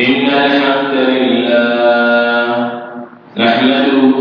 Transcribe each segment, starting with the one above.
إن الحمد لله نحمده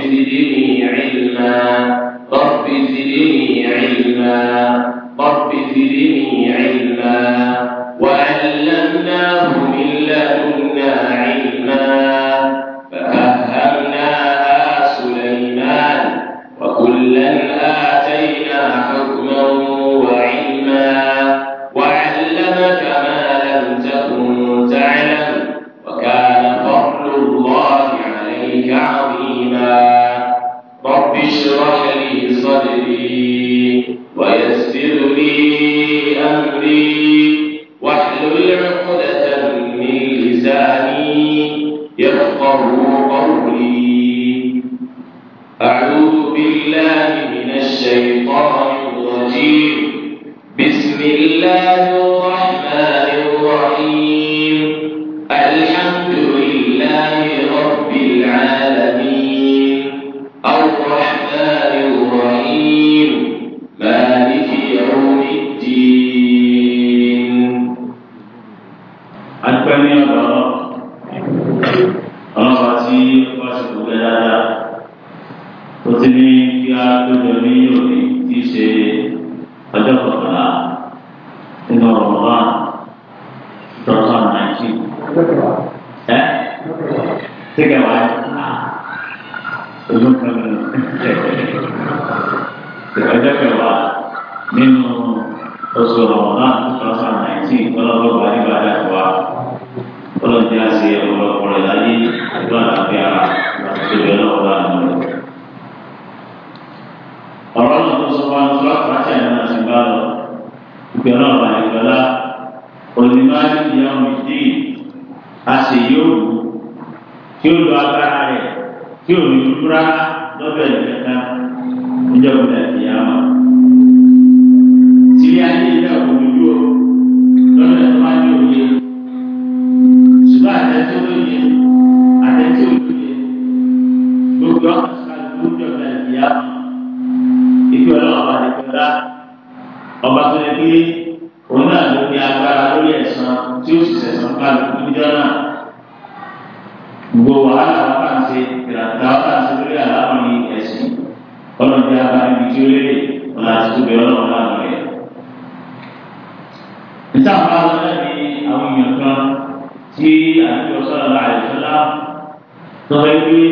زدني علما رب زدني علما رب زدني علما وعلمناه من لدنا علما فآمنا ìlà ìfi ọlọ́wọ́ bá ti fi ọlá ọba tó yẹ pé òun náà ló ní agbára lórí ẹ̀sán tí ó sì sẹ̀sán ká ló kú jọ náà gbogbo wàhálà wọn kà ń ṣe ìrànta wọn kà ń ṣe lórí àlámọ̀ni ẹ̀sìn ọlọ́dẹ abáyébi tí ó lérè wọn láti tó bẹ náà lọ́yẹ̀. níta bá wọn ní àwọn èèyàn kan tí àjọ sọ̀rọ̀ àìsàn náà tọ́wọ́ ẹgbẹ́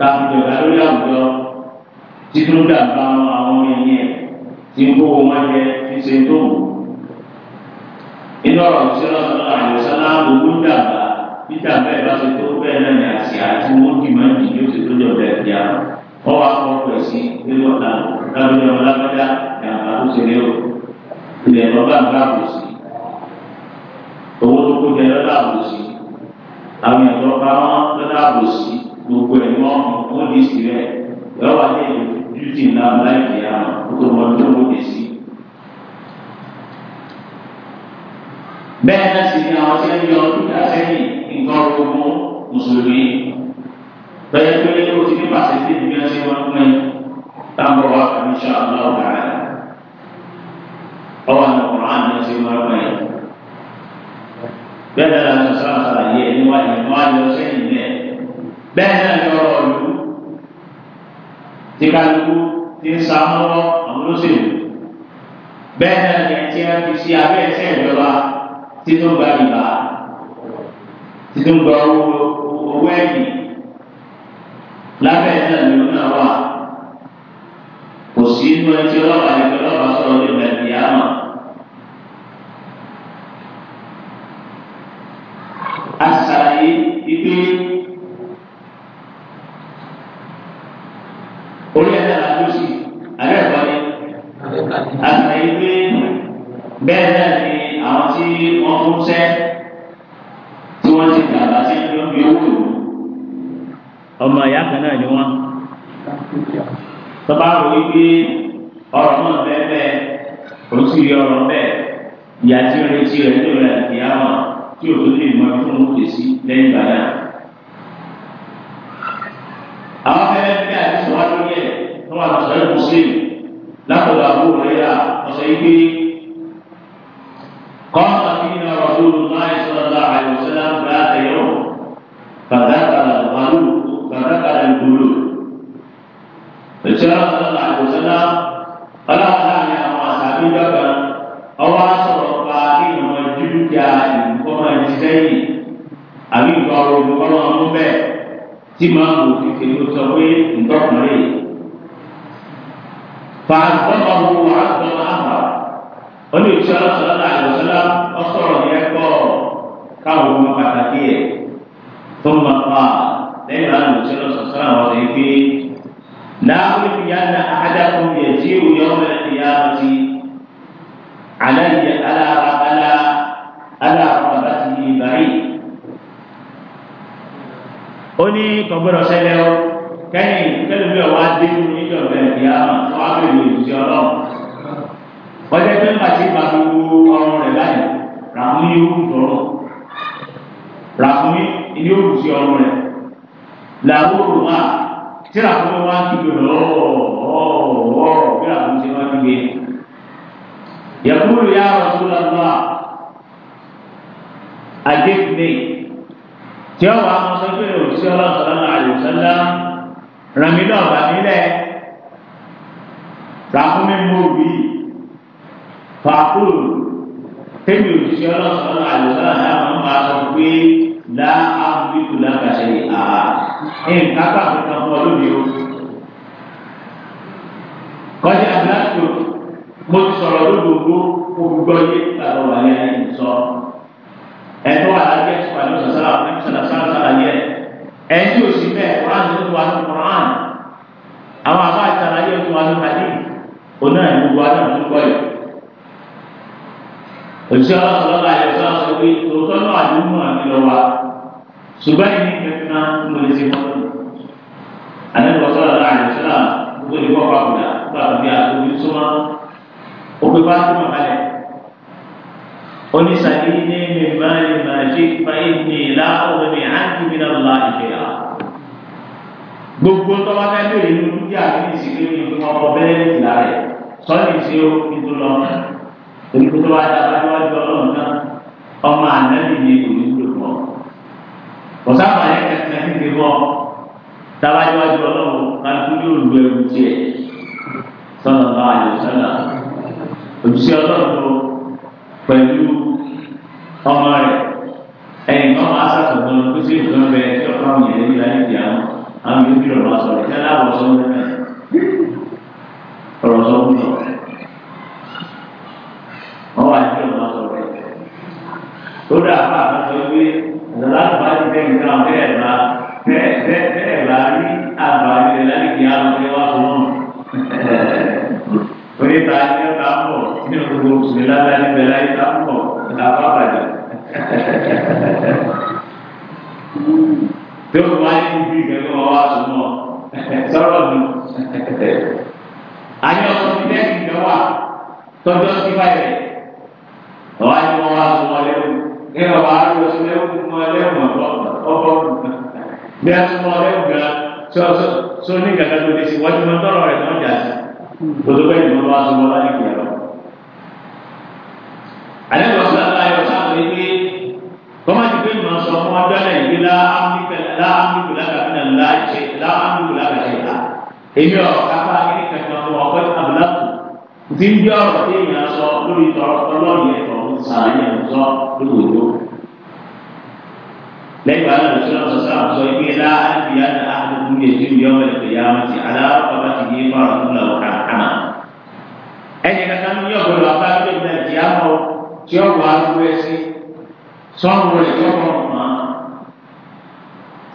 tàbí jọba lórí àwùjọ tí tó dàgbà àwọn ọmọ ẹni ẹ tí ń kó wọn jẹ fi ṣe tó wù. inú ọ̀rọ̀ ìṣẹ́lá sọ́nà àyọ̀sọ́lá owó dàgbà nígbà bẹ́ẹ̀ bá ṣe tó bẹ́ẹ̀ náà ní àṣìá tí wọ́n dì máa ń dì yóò ṣe tó jọba ẹ̀ bíi àwọn ọwọ́ akọ́kọ́ ẹ̀sìn nínú ọ̀la lábẹ́lẹ́ ọlágbádá ní àbábọ́sẹ̀ ní o ilẹ̀ tó kó jẹ gbogbo ẹ̀ mọ́ wọ́n di sí rẹ̀ yọ wá dé dúdú náà láì dé àwọn kótó mọ́ tó wọ́n dé sí. bẹ́ẹ̀ náà sì ni àwọn tí wọ́n yọ dúdà sẹ́yìn nǹkan ogun mùsùlùmí bẹ́ẹ̀ pé ó ti ní pàṣẹ sí ibi ẹsẹ̀ wọn pín táwọn wà ní sàlọ́ ọ̀gá rẹ̀ ọwọ́ àwọn ọ̀rọ̀ àná ẹsẹ̀ wọn pín bẹ́ẹ̀ náà sọ̀rọ̀ àlàyé ẹni wáyé wọn á yọ sẹ́yìn náà bẹ́ẹ̀ náà ni ọ̀rọ̀ ìlú tí kálukú ti ń sa mọ́wọ́ àwọn olóṣèlú bẹ́ẹ̀ náà ni ẹtí ẹ fi ṣe abẹ́ ẹsẹ̀ ìjọba tínúgba ìbá tínúgba owó ẹ̀yìn lábẹ́ ẹ̀sẹ̀ ìlú náà wà kò sí inú ẹtí ọlọ́pàá ẹgbẹ́ ọlọ́pàá sọ̀rọ̀ ní ìgbà ìyáàmà. àṣàyè ìpín. bẹ́ẹ̀ náà ni àwọn tí wọ́n fún sẹ́ tí wọ́n ti dàgbà sí ní omi owó ọmọ ìyá kan náà ni wọ́n. tọ́ba rò wípé ọ̀rọ̀ náà bẹ́ẹ̀ bẹ́ẹ̀ ó sì rí ọ̀rọ̀ bẹ́ẹ̀ ìyá tí ó retí rẹ̀ ló rẹ̀ ìyá wọn tí ò tó lè mọ fún òkè sí lẹ́yìn ìgbà àwọn fẹ́rẹ́ bí àdìsọ wá lórí ẹ̀ wọ́n wà lọ́sọ̀rọ̀ mùsùlùmí látọ̀dọ̀ àbúrò rẹ̀ yà ọ̀sẹ̀ yìí قال فينا رسول الله صلى الله عليه وسلم ذات يوم فذكر القلوب فذكر القلوب فجاء صلى الله عليه وسلم قال أنا أصحابي بكر أو أصر قاعدين وجدك كما نسي àbí nǹkan ọ̀rọ̀ olùkọ́nà ọmọ bẹ́ẹ̀ tí máa ń wò kékeré ó sọ pé ntọ́kùnrin fàgbọ́n ọ̀rọ̀ àgbọ̀n àgbà káwọn ọmọ pàtàkì ẹ̀ tó ń bá pa lẹ́yìn àwọn òṣèlú sọ̀sọ́rọ̀ àwọn ọ̀sẹ̀ pé láàbùrù ìyá náà ájá tó ń yẹ tí òye ọmọ ẹ̀ ti yá lọ sí aláìyẹ alára alá alára bàbá ti yí báyìí. ó ní kọ̀gbọ́dọ̀ ṣẹlẹ̀ o kẹ́yìn kẹ́lùmí ọ̀wá dé nínú ìjọba ẹ̀ ìyá àwọn àbẹ̀wò ìṣẹ́ ọlọ́run wọ́n jẹ́ pé màṣí pàtó ọrùn rẹ̀ báyìí ràmúyé ó ń tọrọ làkúnmí ilé olùsí ọrùn rẹ̀ làwọn olùwà tí làkúnmí wá kígbe ọ̀ọ̀ọ̀ọ̀ bí làkúnmí ṣe wá kígbe. yàtúrò yà Rasulullah àdékùnlé tí ó wà á sọ pé olùsí ọlọ́run sọ̀rọ̀ àlùsọ́lá ràmílẹ̀ ọ̀bàmílẹ̀ làkúnmí mọ̀ọ́bí fàákùrù tẹ́lẹ̀ olùsí ọlọ́run sọ̀rọ̀ náà máa sọ pé la áfíríkù lágbàṣẹ ní a. nǹkan bá kankan fún ọ lónìí o. kọjá abúlásù mo ti sọ̀rọ̀ lódodo olùgbọ́ yé àlọ́ wà ní ẹni sọ. ẹ̀tọ́ alájẹ sọ̀rọ̀ sọ̀sọ̀rọ̀ àwọn ẹ̀mísọ̀rọ̀ sọ̀rọ̀ yẹ ẹ̀tí òsì bẹ́ẹ̀ wà nínú wa ní kọ̀ọ̀án àwọn àbá ìtàlàyé òtún wa ní hadith onáà ní gbogbo àná òtún gbọ́ yìí òṣìṣẹ́ ọlọ́lá ẹ̀ṣọ́ sọ pé tòótọ́ náà àdúgbò àmì lọ wa ṣùgbọ́n ìní kẹfìnà ń lè ṣe mọ́tò àdẹ́gbọ́ sọ̀rọ̀ láàrin ìṣọ́lá gbogbo ìwọ́ pàkúdà gbà bí àtòwí súnmọ́ òpè bá súnmọ́ kalẹ̀ oníṣàlẹ̀ ní mímáyé màjí fáyé ní ìlà ọ̀rọ̀ ní àǹtí mi náà lọ àìṣe à. gbogbo tọ́wọ́ fẹ́ bèrè ní ojú àbí ìṣèlú ìfowópamọ́ bẹ́ẹ̀ torí kó tó wá dá wájú ọlọ́run náà ọmọ ni òní ń lò pọ̀ ọ̀sáfà yẹn kẹsàn-án ti bọ̀ dáwájú wájú ọlọ́run kálukú yóò lu ẹrù tiẹ̀ sọ̀nà bá àyè sọ̀nà òjúṣe ọlọ́run pẹ̀lú ọmọ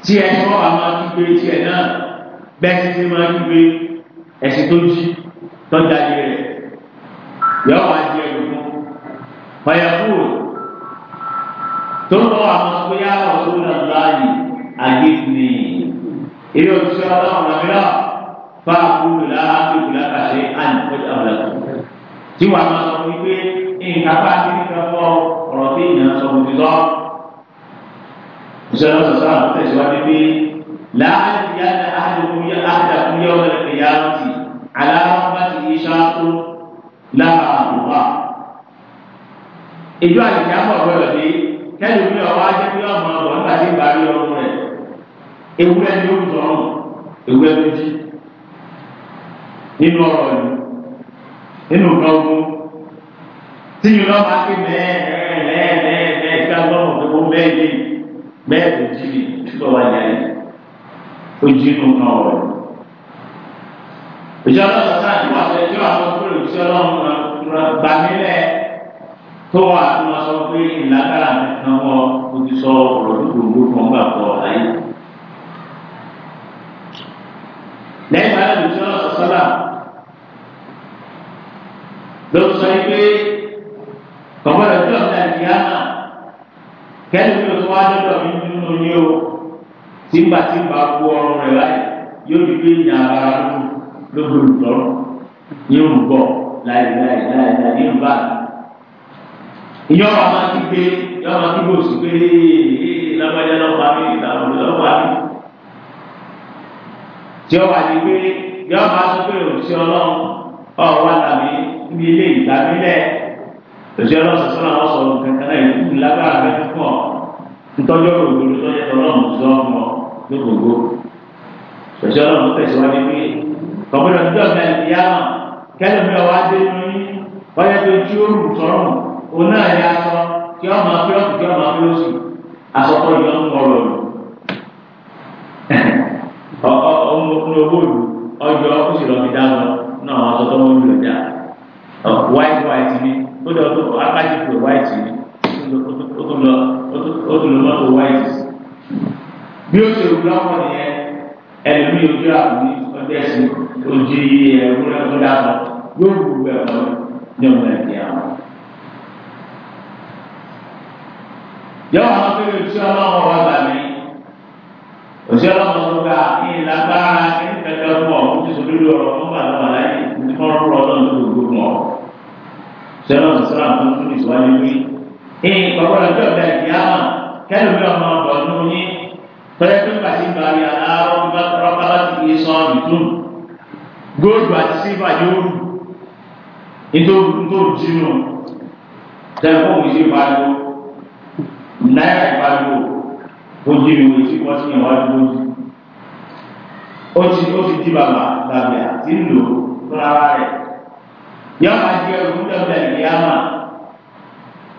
tiẹ̀ tí wọ́n wà máa kígbe tiẹ̀ náà bẹ́ẹ̀ sì ti máa kígbe ẹ̀sìn tó jí tọ́jà yẹ rẹ̀ yọ wá di ẹ̀rù fún fàyàfù tó ń bọ̀ àwọn sọ́yà ọ̀tún náà láàyè àgéjìnì ilé òṣìṣẹ́ ọlọ́run lọ́mìíràn fáàkù lọ́la àgbègbè lákàṣẹ àyìnkọ́jà ọ̀làkùn tí wàá máa sọ wípé nǹkan bá ti ń sọ fọ́ ọ̀rọ̀ tí ìyàn sọ òbí lọ́wọ́ ìṣọ̀rọ̀ sọ̀sọ́ àwọn tẹ̀síwájú pé láàárín yáda áhàdàkúnyá áhàdàkúnyá ọ̀rẹ́ ìyáwótì aláàbàtì ìṣàkó lára àbúrò. ìjọ àyíká mọ̀ bọ̀rọ̀ dé kẹ́lẹ́ mi ọ̀wá jẹ́ pé ọmọ ọ̀bọ̀ nígbà tí ìbárí ọdún rẹ̀ ewúrẹ́ ni ó ń tọrùn ewúrẹ́ tó jí nínú ọ̀rọ̀ yìí nínú nǹkan ogun tí yìí lọ́ọ́ máa ké mẹ́ẹ̀ẹ́rẹ́ẹ̀rẹ́ẹ̀rẹ́ ìgbà gbọ́dọ̀ tó kó mẹ́ẹ̀ẹ́ bẹ́ẹ̀ kò jírí tó wà jẹ́rì ó jírú náà rẹ̀. òṣìṣẹ́ ọlọ́run sáà ní wàá fẹ́ kí wàá fọ́ kúrò òṣìṣẹ́ ọlọ́run gbà nílẹ̀ tó wà tó wọ́n sọ pé ìlàkàrà nìkan wọ́n o ti sọ ọ̀rọ̀ dúdú kan gbà pọ̀ láyé. lẹ́yìn bá yẹn òṣìṣẹ́ ọlọ́run ló sọ pé kọ̀mọ́rẹ́ tó ọ̀gá náà kẹ́lí mi ò tó wá dọ́dọ̀ mi nínú ní o tìǹbàtìǹbà kú ọrùn rẹ̀ láì yóò di pé ìyá ara ló lóògùn lọ́rùn ní òǹbọ̀ láìláì láìláì ní òǹbà. ìyá ọ̀rọ̀ máa ti gbé ìyá ọ̀rọ̀ ti gbòòsì pé lágbájá lọ́pàá mi ìtàwọn lọ́pàá mi. tí ó wà ní pé ìyá ọ̀rọ̀ máa sọ pé òṣìṣẹ́ ọlọ́run ọ̀rọ̀ wà tàbí ní ilé ìtàbílẹ̀ tòṣì ọlọ́sùn sọ́nà ọ̀sọ̀ kankan náà ìlú lágbára rẹ fún ọ ntọ́jú ọ̀rọ̀ òdodo tó yẹ tọ́lọ́mù sọ ọmọ lókòókò tòṣì ọlọ́mù tẹ̀síwájú pé kọ̀mọ́dọ̀ tó dọ̀ mẹ́rin yá hàn kẹ́lẹ́ mi ọ̀wá dé lórí wáyé tó tí ó rù sọ́rùn òun náà yá sọ kí ọmọ afẹ́ọ̀kù kí ọmọ afẹ́ọ̀sì asọ́kọ̀ yọ ń wọ̀rọ̀ fi dá lọ náà àwọn asọ́tọ́ white white ni ó lọ tó akájú pé wáìtì ni ó tún lọ mọ́tò wáìtì sí. bí ó ṣe wúlọ wọn nìyẹn ẹlòmí ojú àbúrí ọjọ́ ẹ̀sìn ojú ẹ̀wúrẹ́ tó dábọ̀ yóò wù ú ẹ̀wọ̀n ní ọmọ ẹ̀dẹ̀ àwọn. yọ̀wọ̀ àwọn akéwì tí ọlọ́wọ́ wà bàmí òṣèlú ọmọ tó gbà ní ìlàgbára fún ọ̀ fún ìṣòlú ọ̀rọ̀ fún bàbá wà láyé. sọlọ́ọ̀nù sọlọ́ọ̀nù tó ń tún ìsọ̀wájú wí. ee bàbá rẹ̀ bẹ́ẹ̀ bẹ́ẹ̀ kí á mà kẹ́lù bí ọmọ ọ̀dọ́ nínú yín pẹ̀lẹ́ tó ń gbà sí gbàrí aláwọ̀ bí wọ́n tọrọ bá láti fi sọ ọ́nù tó góòlù àti sílvà yóò rù nítorí sínú tẹlifóònù yìí sí ìpariwo náírà ìpariwo ojú ìwé yọ máa di ẹrù ń dọ̀bẹ̀ ní àmà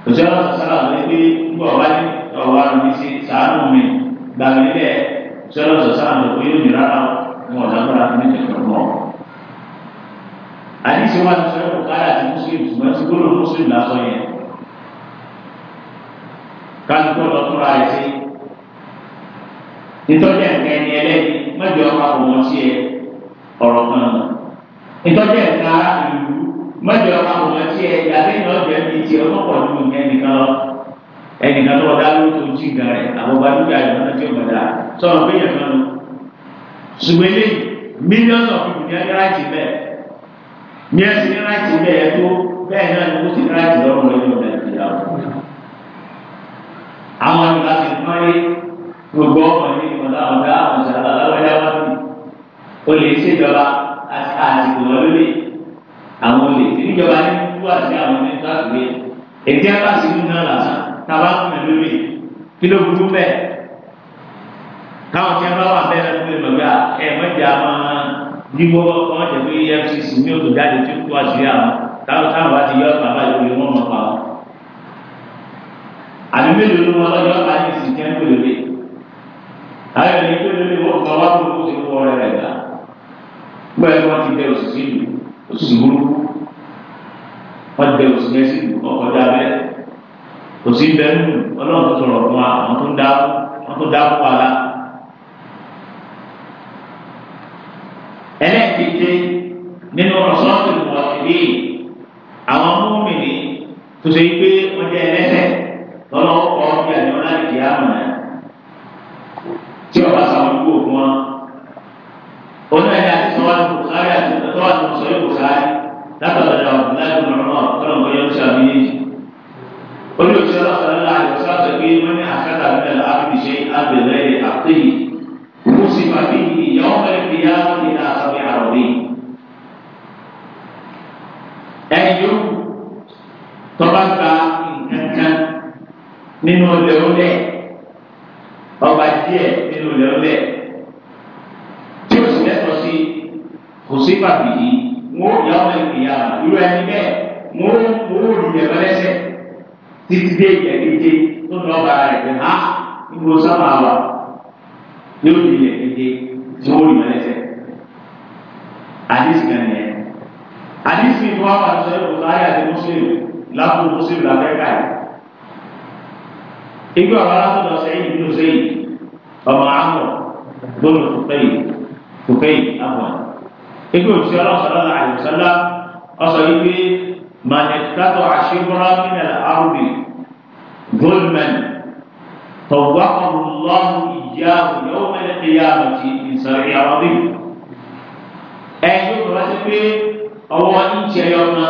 òṣèlú sọ̀sọ́lá ló pé nígbà wá ní ọ̀wá mi sí sàánù mi gbàgbé lẹ̀ òṣèlú sọ̀sọ́lá ló pé yóò ní rárá wọn ọ̀dà bọ́lá fún mi tẹ̀kọ̀ mọ́. àdìsí wa ti sọ̀rọ̀ káyà àti mùsùlùmí ṣùgbọ́n tí gbọ́dọ̀ mùsùlùmí lásán yẹn. kálukú ọ̀dọ́kùnrin rẹ̀ sí mọ́jọ àwọn ọ̀nà tí ẹ àtẹ̀yìn ọ̀jọ̀ ẹni tí ọlọ́pọ̀ nínú ẹnìkan lọ ẹnìkan tó dá lórí tó jí nǹkan rẹ̀ àwọn ọba dúkìá ìlú náà tí ó gbàdá sọ̀rọ̀ pé yẹn kan lọ. ṣùgbọ́n eléyìí millions of people ní ẹ ráìtì bẹ́ẹ̀ ní ẹ sì ní ráìtì bẹ́ẹ̀ tó bẹ́ẹ̀ náà ni ó sì ráìtì lọ́rùn lẹ́yìn ọ̀dà ìjìyà àwọn àgbà ti pọ́n rí gbogbo ọmọ ní ìmọ̀lá ọ̀gá ọ̀sán àwọn olè tí ìjọba ní wúwà sí àwọn ní káàkiri ètí ẹ̀ka sí mú náà lásán tábà ń mẹ lórí kí ló burú bẹ́ẹ̀ káwọn tí wọ́n bá wà bẹ́ẹ̀ lọ́dún lè lọ́gbà ẹ̀ mọ́jà máa dígbó wọn jẹ pé EFCC ní odò jáde tí kú àṣírí àwọn táwọn táwọn bá ti yọ ọ̀tà bá yọ wọn mọ̀ pa wọn. àbí mélòó ló wọn lọ́jọ́ bá ní ìsìn jẹ́ ńlólórí àwọn ènìyàn tó lórí wọn kọ́ wá kó kó ti wọ ọ̀rẹ́ rẹ̀ gbà gbọ́ ẹ̀ oṣù burúkú wọ́n dẹ oṣù mẹ́sì ọkọjá bẹ́ẹ̀ oṣù bẹ́ẹ̀ nù ọlọ́run tó sọ̀rọ̀ fún wa wọ́n tó dá wọ́n tó dá fún wa la. ẹlẹ́ẹ̀kejì nínú ọ̀sán tó wọ̀ ẹ́ àwọn mọ́mìnì tó ṣe pé wọ́n jẹ́ ẹ pé ọwọ́ ìjẹ ọmọ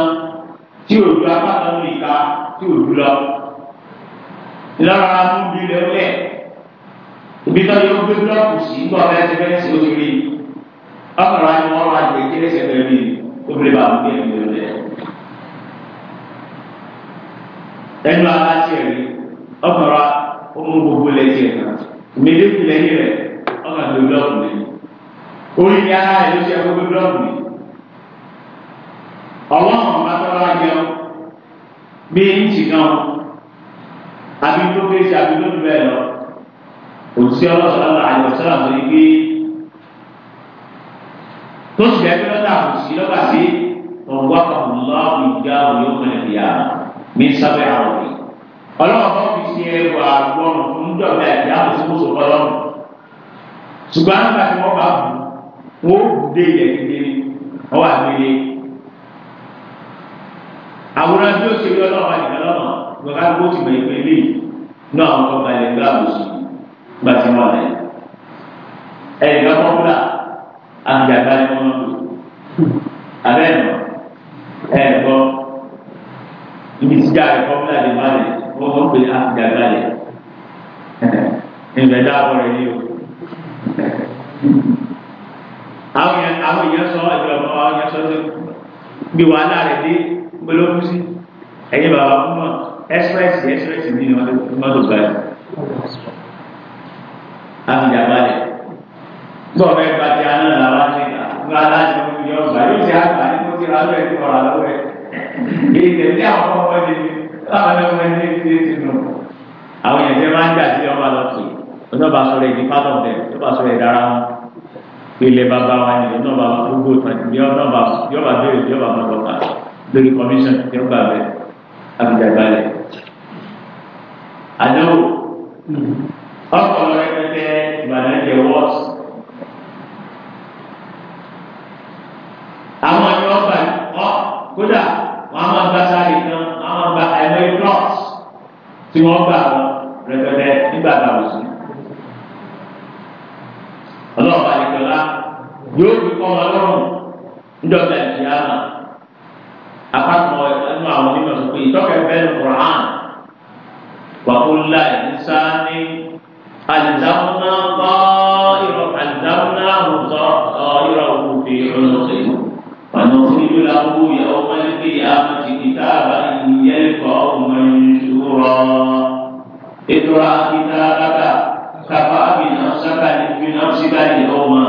tí ò lu apáta lórí ìka tí ò lu lọ. lọ́ra múbi lẹ́wọ́lẹ̀ ibi tó yẹ kó gbé búlọ́ọ̀kù sí ń bọ̀ bẹ́ẹ̀ ti bẹ́ẹ̀ sí oṣù rí ọkùnrin àti wọn wà lè kéré sẹ́gbẹ̀ẹ́ mi obìnrin bá mú bí ẹni lọ́lẹ̀. ẹnu aláṣẹ rí ọkùnrin ọmọ gbogbo lẹ́jẹ̀ náà ìmẹ̀lẹ́kùn lẹ́yìn rẹ̀ ọkùnrin lọ́ọ̀kù lẹ́yìn orí ni ara ẹ̀ ló ṣe ẹgbẹ́ búlọ́ọ̀kù lẹ́yìn ọlọ́run bá tọ́ bá yẹ ọ́ bí ń jì náà àbí tó ké sí àbí tó bẹ́ẹ̀ lọ òtítí ọlọ́sọ̀rọ̀ náà àyọ̀ sọ́ra tó yẹ pé tó sì bẹ́ẹ̀ pé lọ́dà kò sí lọ́dà sí ọ̀gbọ́n kan lọ́wọ́ ìjà òyìnbó mẹ́rin ìyá mi sábẹ́ àwọn òbí ọlọ́run bá fi ṣe ẹrù àgbọ̀nù fún dọ̀bẹ́ ìyá àbòsíwòsò ọlọ́run ṣùgbọ́n àgbà tí wọ́n bá bù wọ́n bù dé ìyẹ̀kẹ́ àwòrán tí ó ṣe rí ọlọ́wọ́ àyíká lọ́nà gbọ́dá gbó ti gbẹ̀yìn pé lè ní àwọn ọkọ̀ balẹ̀ gbá àbòsí gbà tí wọ́n lẹ̀. ẹ̀yìn kan tó kúrà àgbàgbà ni wọ́n lò abẹ́ ẹ̀nà ẹ̀ẹ̀kọ́ ibi tíjà ẹ̀kọ́ kúrà lè má lẹ̀ wọ́n kọ́ pé àgbàgbà lẹ̀ ìbẹ̀dá àbọ̀ rẹ̀ ni o àwọn èèyàn sọ ìjọba àwọn èèyàn sọ bí wàhálà rẹ̀ dé gbọ́dọ̀ kú sí ẹ̀yin bàbá fún wa ẹsírẹ́sì ẹsírẹ́sì ní mọ́tò báyìí àfìjà balẹ̀ gbọ́ bẹ́ẹ̀ bá ti àná làwọn àti ìgbà aláṣẹ òkú yọ ọgbà yóò ṣe àgbà ní kó ti ra lọ́wọ́ ẹ̀ kọ́ra lọ́wọ́ ẹ̀ èyí tẹ̀lé àwọn ọmọ ẹ̀ lè láwọn ọmọ ẹ̀ lè ti ti nù àwọn yẹn tẹ́ máa ń jà sí ọmọ àlọ́kì ọjọ́ bá sọ̀rọ̀ ìdí pátọ̀ bẹ̀ tó bá sọ̀rọ̀ ìdára wọn pé ilẹ̀ bàbá wa ni ọjọ́ bá gbogbo ìtàn ìdí ọjọ́ bá bẹ̀rẹ̀ ìdí ọjọ́ bá mọ́tò kàá lórí commission tí ó gbà bẹ abidjagbalẹ àdéhùn ọkọ rẹpẹtẹ ìbàdàn jẹ wọọsì àwọn ẹni wọn gbà ọ kódà wọn a máa gba sáré kan a máa gba ẹgbẹ plọt tí wọn gbà wọn rẹpẹtẹ nígbà táwọn sùn ọlọ́pàá nìkan lá yóò fi kọ́ wọn lọ́rùn ńdọ́gba ìyá náà apákan ẹnu àwọn onímọ̀ tó pé ìtọ́kẹ́ bẹ́ẹ̀ Quran wàhálà ìsáni àlìdáwọ́nà bá ìrọ̀ àlìdáwọ́nà àwùjọ ìrọ̀ òkùnkùn ìrọ̀lọ́ sí i wọnà òfurufú làwọn òyàwó mọ́lẹ́kẹ́ yà á ti kíkà bá ìyẹn kọ́ ọmọ ìṣúrọ̀ ètò àkíkà rákà kàfà àbìnà sákà nígbìnà síkà ìyẹ̀wò mà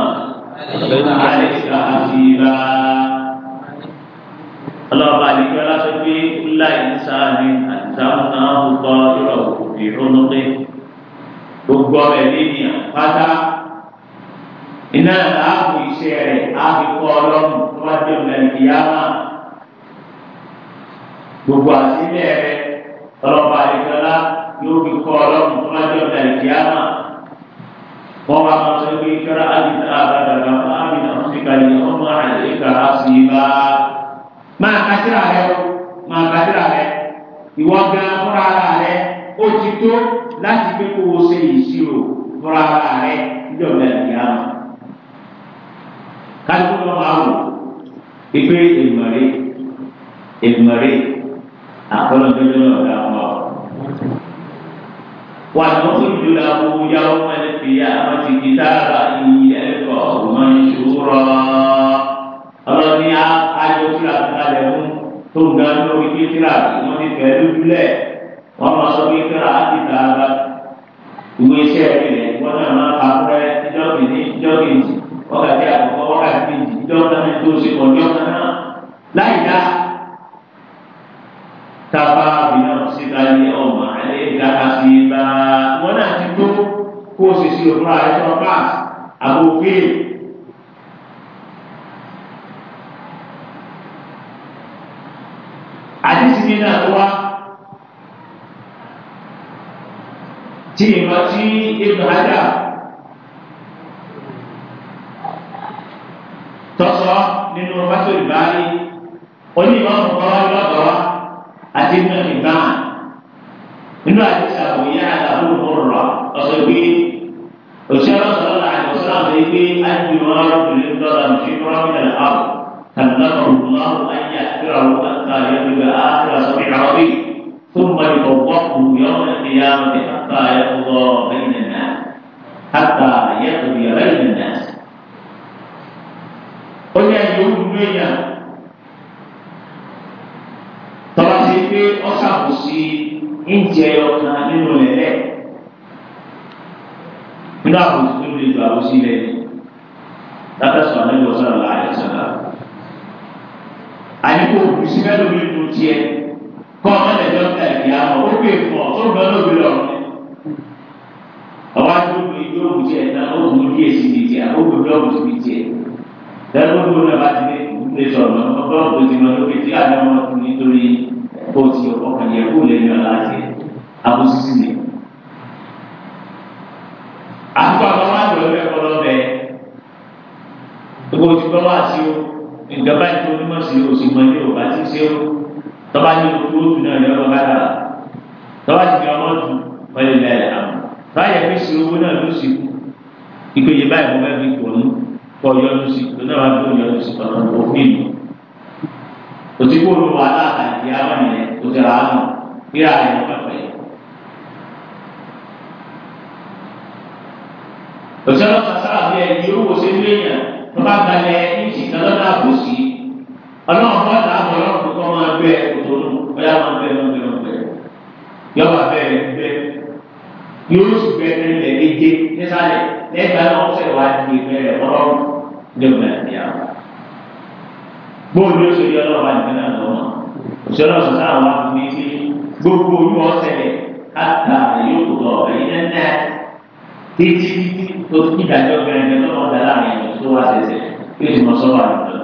àlẹ́ ìgbà ìbára ọlọ́ọ̀bá àdìgbò aláṣọ pé ńlá ìsáàmì àtàwọn náà ń kọ́ ìrọ̀ òbí rónúpé gbogbo ọ̀rẹ́ lẹ́yìn àpáta iná ààbò iṣẹ́ rẹ̀ àbíkọ́ ọlọ́run tó bá dé ọ̀nà ìyáàmà gbogbo àṣìlẹ̀ rẹ̀ ọlọ́ọ̀bá àdìgbò alá yóò fi kọ́ ọlọ́run tó bá dé ọ̀nà ìyáàmà wọ́n bá wọn sọ pé kíra àdìgbò àbàdàgbà fún àmì náà fún ìkàlẹ̀ ọmọ àdìgbò àṣìbá máa kásíra rẹ o máa kásíra rẹ ìwọ gan fúnra ara rẹ ó ti tó láti pé kó o ṣe ìṣirò fúnra ara rẹ níjọba ìyá wọn. kálukú lọ máa wò ìgbé ìmọ̀rẹ́ ìmọ̀rẹ́ àkọlọ́dọ́jọ́ náà dá wọn ọ. ونخرج له يوم القيامة كتابا يلقاه منشورا رضي الله tíra kalẹ̀ mú tó ń ga lórí kí tíra wọ́n ti fẹ́ lójúlẹ̀ wọ́n máa sọ pé tíra á ti tà á ìwé iṣẹ́ ìrìnlẹ̀ wọ́n náà máa ka fúrẹ́ ìjọ kìíní ìjọ kejì wákàtí àkọ́kọ́ wákàtí kejì ìjọ náà tó ṣe ọjọ́ náà láì dá tábà bìnnà síta ní ọmọ alẹ́ ìdáka sí i bá wọn náà ti tó kó o sì sí òfurufú àrẹ tó ń pa àbòfin. àdìsí mi náà tó wá tí ìmọ̀ tí ibnu ajá tọ́sọ́ nínú bàtò ìbáyé onímọ̀ ọ̀pọ̀lọpọ̀ lọ́dọ̀ wa àti ibnu ìbáyé nínú àdìsí àbòyá àdàbò mọ̀rọ̀ ọ̀sẹ̀ gbé òṣèlú ọ̀sán lọ́la àdìsí àbòyá gbé àdìsí mọ̀rọ̀ ọ̀dùnlé dọ́là nìṣẹ́ kọ́lá mi nà áwọ̀. Allah ayat firawat kaya juga akhirat sampai kawi Summa yukawwaku yawna kiyamati hatta ayat Allah bainana Hatta ayat biya bainana Punya yudhunya Telah sipi osabusi Injayotna inulele Kenapa itu dibawa sini? Tata soalnya dosa lain sekarang àyíkò òkùsí bẹ́ẹ̀ lómi nù tiẹ̀ kọ́ ọ̀mọ́lẹ̀jọ́ tẹ̀lé àwọn ó pè fún ọ tó lọ lóbi lọ. ọwọ́ àdúgbò ìjọ òkú tiẹ̀ náà ó mú díẹ̀ sí ti tiẹ̀ ó mú lọ́ọ̀kù sí ti tiẹ̀ lẹ́nu tó lọ bá ti lé ìdílé sọ̀rọ̀ lọ́ọ̀kù ti lọ lókè tí àná wọn fún nítorí kó o ti ọkàn yẹ kó lè yan láti àbúsísí ni. àkókò àwọn àjọ ẹgbẹ́ kọ́ lọ́ ìjọba ètò onímọ̀ sí òsìmọ̀ ní òbá tí ṣé ó tọ́ba ní ojú òtún náà ní ọlọ́ba dára tọ́ba ti fi ọmọ tù wọ́n lè la ẹ̀ àmọ́ báyà fi ṣe owó náà ló sì kú ìpèyè báyìí mo fẹ́ fi pọ̀ ní pọ̀ yọnu sí i lónà wà ló yọnu sí pọ̀ òfin ìlú òtí kó ló wà láàkàtì àwọn yẹn kó tẹ̀ra àwọn kíra àyè pàpẹ́. òṣèlú sàṣà àbí ẹ̀yìn owó ṣe ń léyìn tó bá balẹ̀ ìjì kan lọ́dọ̀ àbòsí ọlọ́run bá dà bọ̀ ọlọ́run tó kọ́ máa gbé ẹ̀kọ́tò nù bóyá máa bẹ̀ lọ́n bẹ̀ lọ́n bẹ̀ yọba bẹ̀ ẹ̀ bẹ̀ yóò sì bẹ̀ ẹ̀ lẹ̀ léde nísàlẹ̀ lẹ́gbàá náà ó sẹ̀ wá di ìbẹ̀rẹ̀ ọlọ́run lẹ́gbàá ìyàwó gbóòdì ó sèyí ọlọ́ọ̀bá nìkan náà lọ́mọ òṣèlú ọ̀sán sáà wà fún mi sí gbogbo náà lọ́wọ́ dára tó wá ṣẹṣẹ kí èsì mọ sọ́wọ́ àná.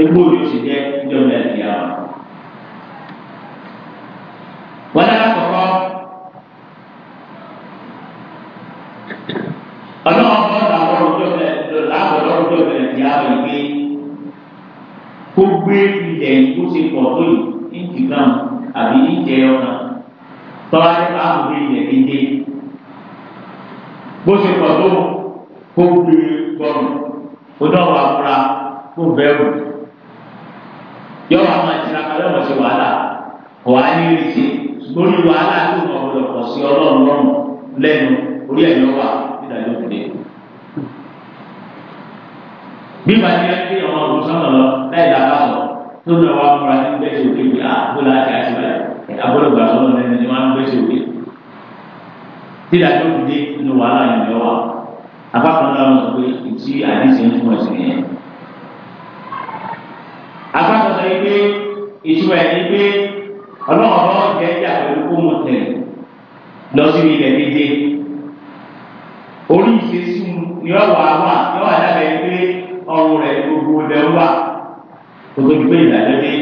gbogbo olú ti jẹ́ ìjọba ẹ̀dì àwọn. wọ́n dára kọ̀kọ́ ọlọ́run bọ́ làwọn ọlọ́jọ́ ẹ̀ làwọn ọlọ́jọ́ ẹ̀dì àwọn ìgbé kó gbé ilẹ̀ kó ṣe pọ̀ tó yìí ní ìgbà àbí ní ìjẹ ọ̀nà tọ́lá ní káàbù ní ilẹ̀ kéde bó ṣe pọ̀ tó kó gbé gbọ́rùn ó dọ̀wọ́ àkúrà kó bẹ̀rù yọ wà máa tiraka yọ wọ́n ṣe wàhálà wàá ní ìrìsì lórí wàhálà tó ń wọ̀ lọ pọ̀ sí ọlọ́run lọ́rùn lẹ́nu orí ẹ̀yọ wà nígbà yóò fi dé. bí bàtí ẹ ké ọmọ ọdún sọ́nà lọ láì dábà sọ tó lọ wà múra ní gbèsè òkè bí àbúlá àti àtìwáyà àbúlọ̀gbà sọ́nà lẹ́nu ni wọ́n á gbèsè òkè. tíra yóò fi dé nínú wàhálà yẹn lọ́wọ́ àpapọ̀ náà wọ́n sọ pé ìtì àdìsí ń fún ẹ̀sìn yẹn agbára sọ pé ìtura ẹni pé ọlọ́run ọlọ́run jẹ́ ẹ̀jẹ̀ àpẹẹrẹ kó mọ̀ tẹ̀ lọ sí ilẹ̀ dédé orí ìṣesí ni ọ wà wà ni ọ wà dábẹ́ pé ọrùn rẹ̀ gbogbo rẹ̀ wà gbogbo ìgbé ìdájọ́ dé.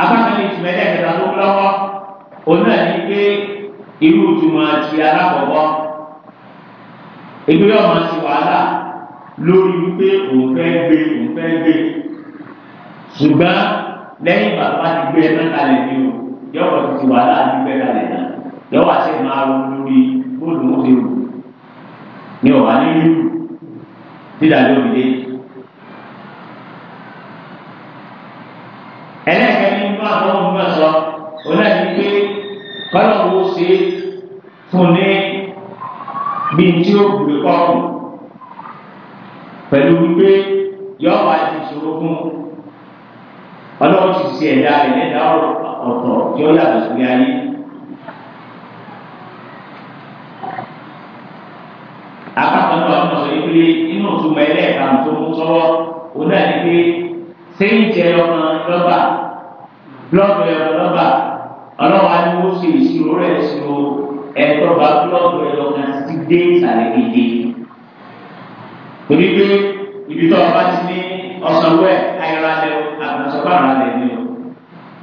agbára ní ìtumọ̀ ẹ̀jẹ̀ kẹta tó lọ́wọ́ òun náà ní pé irú ìtumọ̀ ti alákọ̀ọ́kọ́ ìgbéyàwó ti wàhálà lórí wípé òun fẹ́ gbé òun fẹ́ gbé ṣùgbọ́n lẹ́yìn bàbá ti gbé ẹ náà kalẹ̀ ní o yọ̀wọ̀ ti wà láàbí gbé kalẹ̀ náà yọ̀wọ̀ àti máa ro lórí bóòlù ó ti wù ní ọ̀wá nílùú dídà lórí ẹlẹ́kẹ̀ẹ́ ní bá àwọn ọmọ sọ onáyí pé kọ́lọ́wọ́ ṣe fún ní bí tí ó gbé kọ́kùn pẹ̀lú wípé yọ̀ọ́ wá ti ṣòro fún ọlọ́run ti ṣe ẹ̀dá ẹ̀dá ọ̀tọ̀ tí ó yàtọ̀ sí ayé. akpákan náà wọ́n sọ ìpele inú ìtumọ̀ ẹlẹ́ẹ̀ka tó ń sọ́wọ́ òun náà ní pé sẹ́yìn jẹ ọmọ lọ́ba blọọdù ẹ̀rọ lọ́ba ọlọ́wà ni ṣe ìṣirò rẹ̀ ṣirò ẹ̀tọ́ bá blọọdù ẹ̀rọ kan ti dé ìsàlẹ̀ kéde torí pé ibi tó ọba ti ní ọ̀sánwó ẹ̀ ayọ̀rọ̀ alẹ́ o àgbàsọ́kọ̀ àrùn alẹ́ ni o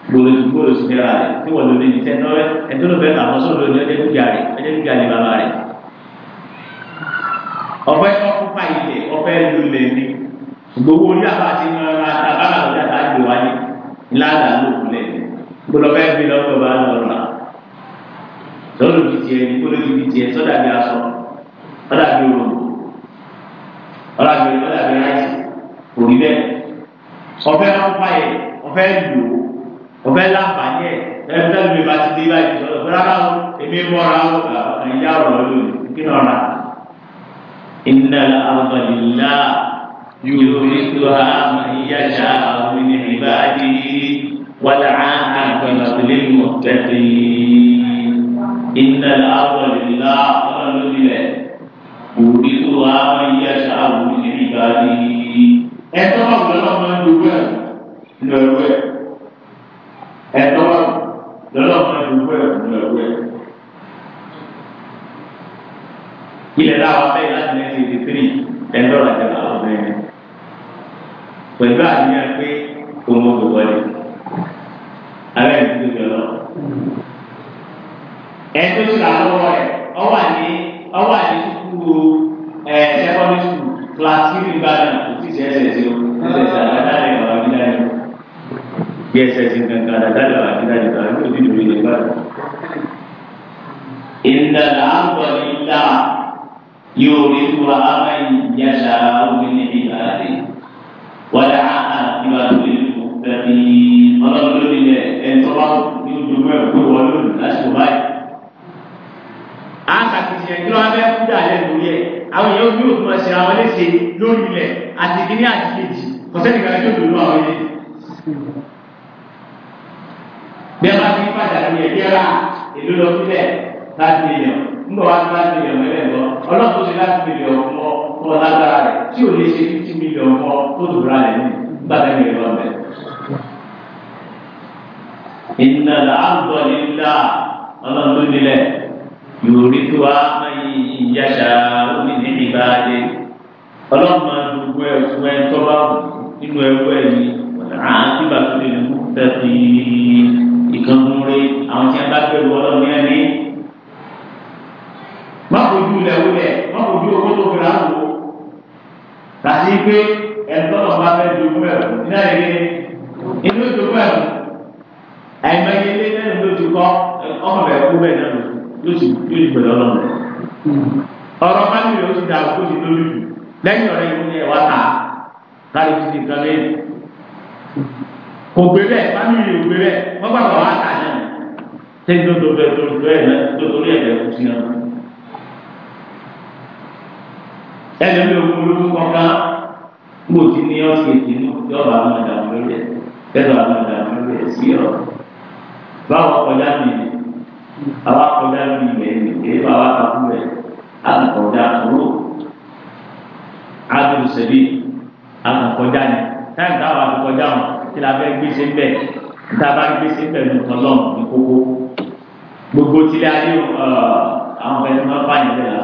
gbòòrò gbòòrò sí ní ra rẹ̀ tí wọ́n lò ní ní sẹ́ńtọ́ rẹ̀ ẹ̀tọ́ ló bẹ̀rẹ̀ àwọn sọ̀rọ̀ lórí ọjọ́ dúkìá rẹ̀ ọjọ́ dúkìá ní bàbá rẹ̀ ọ̀fẹ́ ọkùnfà ilẹ̀ ọ̀fẹ́ lulẹ̀ ni gbogbo orí àbá ti ń ra àbára ọjà tá a gbé wáyé ńláàdà lókulẹ̀ gbọdọ̀fẹ́ gbé lọ́dọ̀ bá lọ́rọ̀ la sọ́dọ̀ bìtì ẹni kó ló ti bìtì ẹ sọ́dà bí aṣọ sọ́dà bí òròmọ ọlábìrin ọlábìrin láti kò rí bẹ́ẹ̀ ọ̀fẹ́ ọ̀fà yẹ ọ̀fẹ́ lò ọ̀fẹ́ láǹfààní ẹ̀ ẹ̀fẹ́ lómi bá ti dé báyìí sọ̀rọ̀ fẹ́ rárá o èmi ń bọ̀ra o ìyá ọ̀rọ̀ lónìí kí ni ọ̀rá. iná àbàlìlá yóò rí tó a máa yá ṣá àwọn ènìyàn ìbá dé wàlá àgbàlagbolé mọ̀tẹ́tì يورث الله من يشاء من عباده ẹtọ́ wà dalam. máa ń dùgbò ẹ̀ lọ́wọ́ ẹ̀ ẹtọ́ wà lọ́nà máa ń dùgbò ẹ̀ lọ́wọ́ ẹ̀. ilẹ̀ dáwọ́ abẹ́yẹ láti ní eighty three ẹ̀ńdọ́ láti ní àwọn ọ̀bẹ́yẹ pẹ̀lú àníyàn pé òun ò wọlé ara ẹ̀ ń dùgbò ọwọ́ àdínkù ẹ̀ secondary school class three Ìbàdàn kò tí ì ṣe ẹsẹ̀ sí o ẹsẹ̀ sí àdáńdáńdá ìwà àbílẹ̀ rẹ̀ bí ẹsẹ̀ sí kankan àdáńdáńdá ìwà àbílẹ̀ rẹ̀ kò tí ì dùn ìlẹ̀ Ìbàdàn. ìdàlà àgbọ̀ nígbà yóò rí wa amáyí yàtà obìnrin ìbàdí wàdà àtìwà tó lè fò tàbí ọlọ́run lónìí ẹ̀ ẹ̀ tọ́lá ní ojú mẹ́rin pé wọ́n lónìí láti wáyé àkàtúnṣe kí ló wá fẹ́ kú dàlẹ́ lórí ẹ̀ àwọn èèyàn yóò tún ọ̀ṣẹ̀ àwọn léṣe lórí ilẹ̀ àti kíní àti kejì kọ̀sẹ́nì kan yóò lòlú àwọn ilé. bí a bá fi pàtàkì ẹ̀ bí ara èlò lọ sílẹ̀ láti èèyàn ńgbà wá sí láti èèyàn mẹ́lẹ̀ lọ ọlọ́run ṣe láti mílíọ̀n fọ́ fọ́ lágbára rẹ̀ tí ò lè ṣe fifty mílíọ̀n fọ́ tó tó ra rẹ̀ ní gbàdánì yòòrìtò àmà ìyàṣà onídìí ìbáde ọlọ́mọ gbogbo ẹ̀fọ́ ẹ̀ tọ́ba nínú ẹ̀wọ́ ẹ̀ ni àti bàtú lè mú tẹ̀sí ìkànnúre àwọn tí a bá fẹ́ wọ́n lọ́wọ́ yẹn ni. má kò ju ìlẹ̀wọ́ lẹ̀ má kò ju owó tó fi rà wò. tàbí pé ẹ̀ńtọ́nà bá fẹ́ dogun ẹ̀rọ nígbà yẹn inú ìdogun ẹ̀rọ àìmọye ilé náà ló kọ́ ọmọ rẹ̀ kú bẹ́ẹ̀ náà lọ yóò sì yóò sì gbẹ̀dọ̀ lọ́nà. Hmm. ọ̀rọ̀ máa ń yọ̀ ó sì dà kó sì lórí jù lẹ́yìn ọ̀rẹ́ yìí ní ẹ̀wá ta kárí ti di nǹkan lẹ́yìn. kò gbé bẹ́ẹ̀ fámìlì ò gbé bẹ́ẹ̀ wọ́n gbàgbọ́ wá tà náà tẹ́jú tó bẹ tó tó ẹ̀ náà tó torí ẹ̀ bẹ́ẹ̀ kú sí náà. ẹlẹ́mi òkú olóko kọ̀ọ̀kan mo ti ní ọ̀sẹ̀ ìdínú yọ̀ọ̀bà àwọn ìdààmú lórí ẹ̀ báwọn kọjá mi àwa kọjá bíi ìgbẹ́ni èyí bá wa kà fún rẹ̀ àkọjá àtúrò àdùnsẹ̀bí àkọkọjá ni táyà táwa àkọkọjá wọn tí la fẹ́ gbé sí bẹ́ẹ̀ tá a bá gbé sí bẹ́ẹ̀ ló tọ́ lọ́mù ní kókó gbogbo tí a yóò àwọn ọ̀gá ẹni máa bá yẹn lẹ́la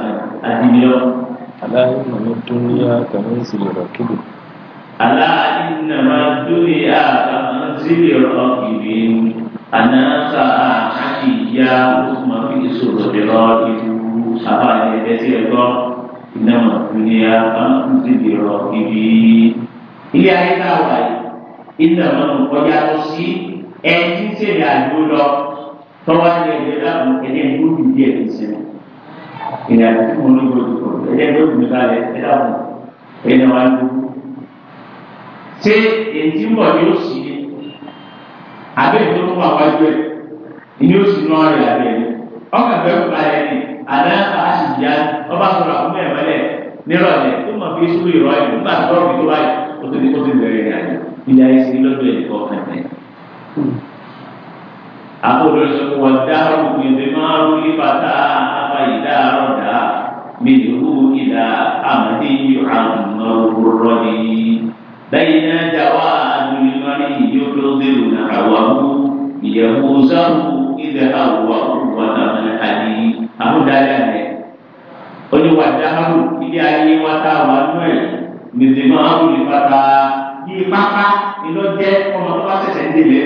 àdìmíọ́. aláàyè màmá tó ní àkàmú ìsìlẹ̀ rọ̀ kíbi. aláàyè màmá tó ní àkàmú ìsìlẹ̀ rọ̀ kíbi ànáńsà àkàkì ìyá ọmọ fi sọ̀rọ̀ dẹ̀rọ ìlú sábà ẹ̀ẹ́dẹ́ sí ẹ̀gbọ́ ìnáwó ìdúnyà báńkì ti dẹ̀rọ ibi. ilé ayé náà wà yìí ìnáwó kọjá lọ sí ẹni tí èdè àdó lọ tọ́wọ́ ní ẹ̀jẹ̀ láàbù ẹ̀jẹ̀ ní gbòòdù díẹ̀ ní sinmi. ìrìn àjò tí mo ní gbòòdù kọ̀ ẹ̀jẹ̀ ní gbòòdù kalẹ̀ ẹ̀ dàbọ̀ ẹ̀jẹ̀ wà lù. ṣé èyí tí ń ó sì àbẹ̀ ìdókòwò àwọn ẹgbẹ́ ìní oṣù náà rẹ̀ lábẹ́ ẹni ọkà bẹ́ẹ̀ kú ara ẹni àná àṣìyá ọba sọ̀rọ̀ àwọn ẹ̀mọ́lẹ̀ nírọ̀lẹ́ tó mọ̀ fi sùúrù ìrọ̀ ẹ̀ nígbà tó rọ̀ tó báyìí ó ti ó ti bẹ̀rẹ̀ rẹ̀ àjò ilé ayé sí lọ́dọ̀ ẹ̀ kọ́ kẹ̀kẹ́. àbúrò sọ wọn dáhùn ìdè máa ń rí bàtà àbáyídá ọ̀dà mẹ́lẹ̀kú ìlà àmàdé yóò àmọ̀ ilẹ̀ àwọ̀ ọ̀gbọ̀nà àdì àmúdáyà rẹ̀ oníwàjáhàrù ilé ayé wa tá a wà nú ẹ̀ mèzèmọ́ àwùjọ bàtà bíi pápá iná jẹ́ ọmọ tó bá ṣẹ̀ṣẹ̀ ń délẹ̀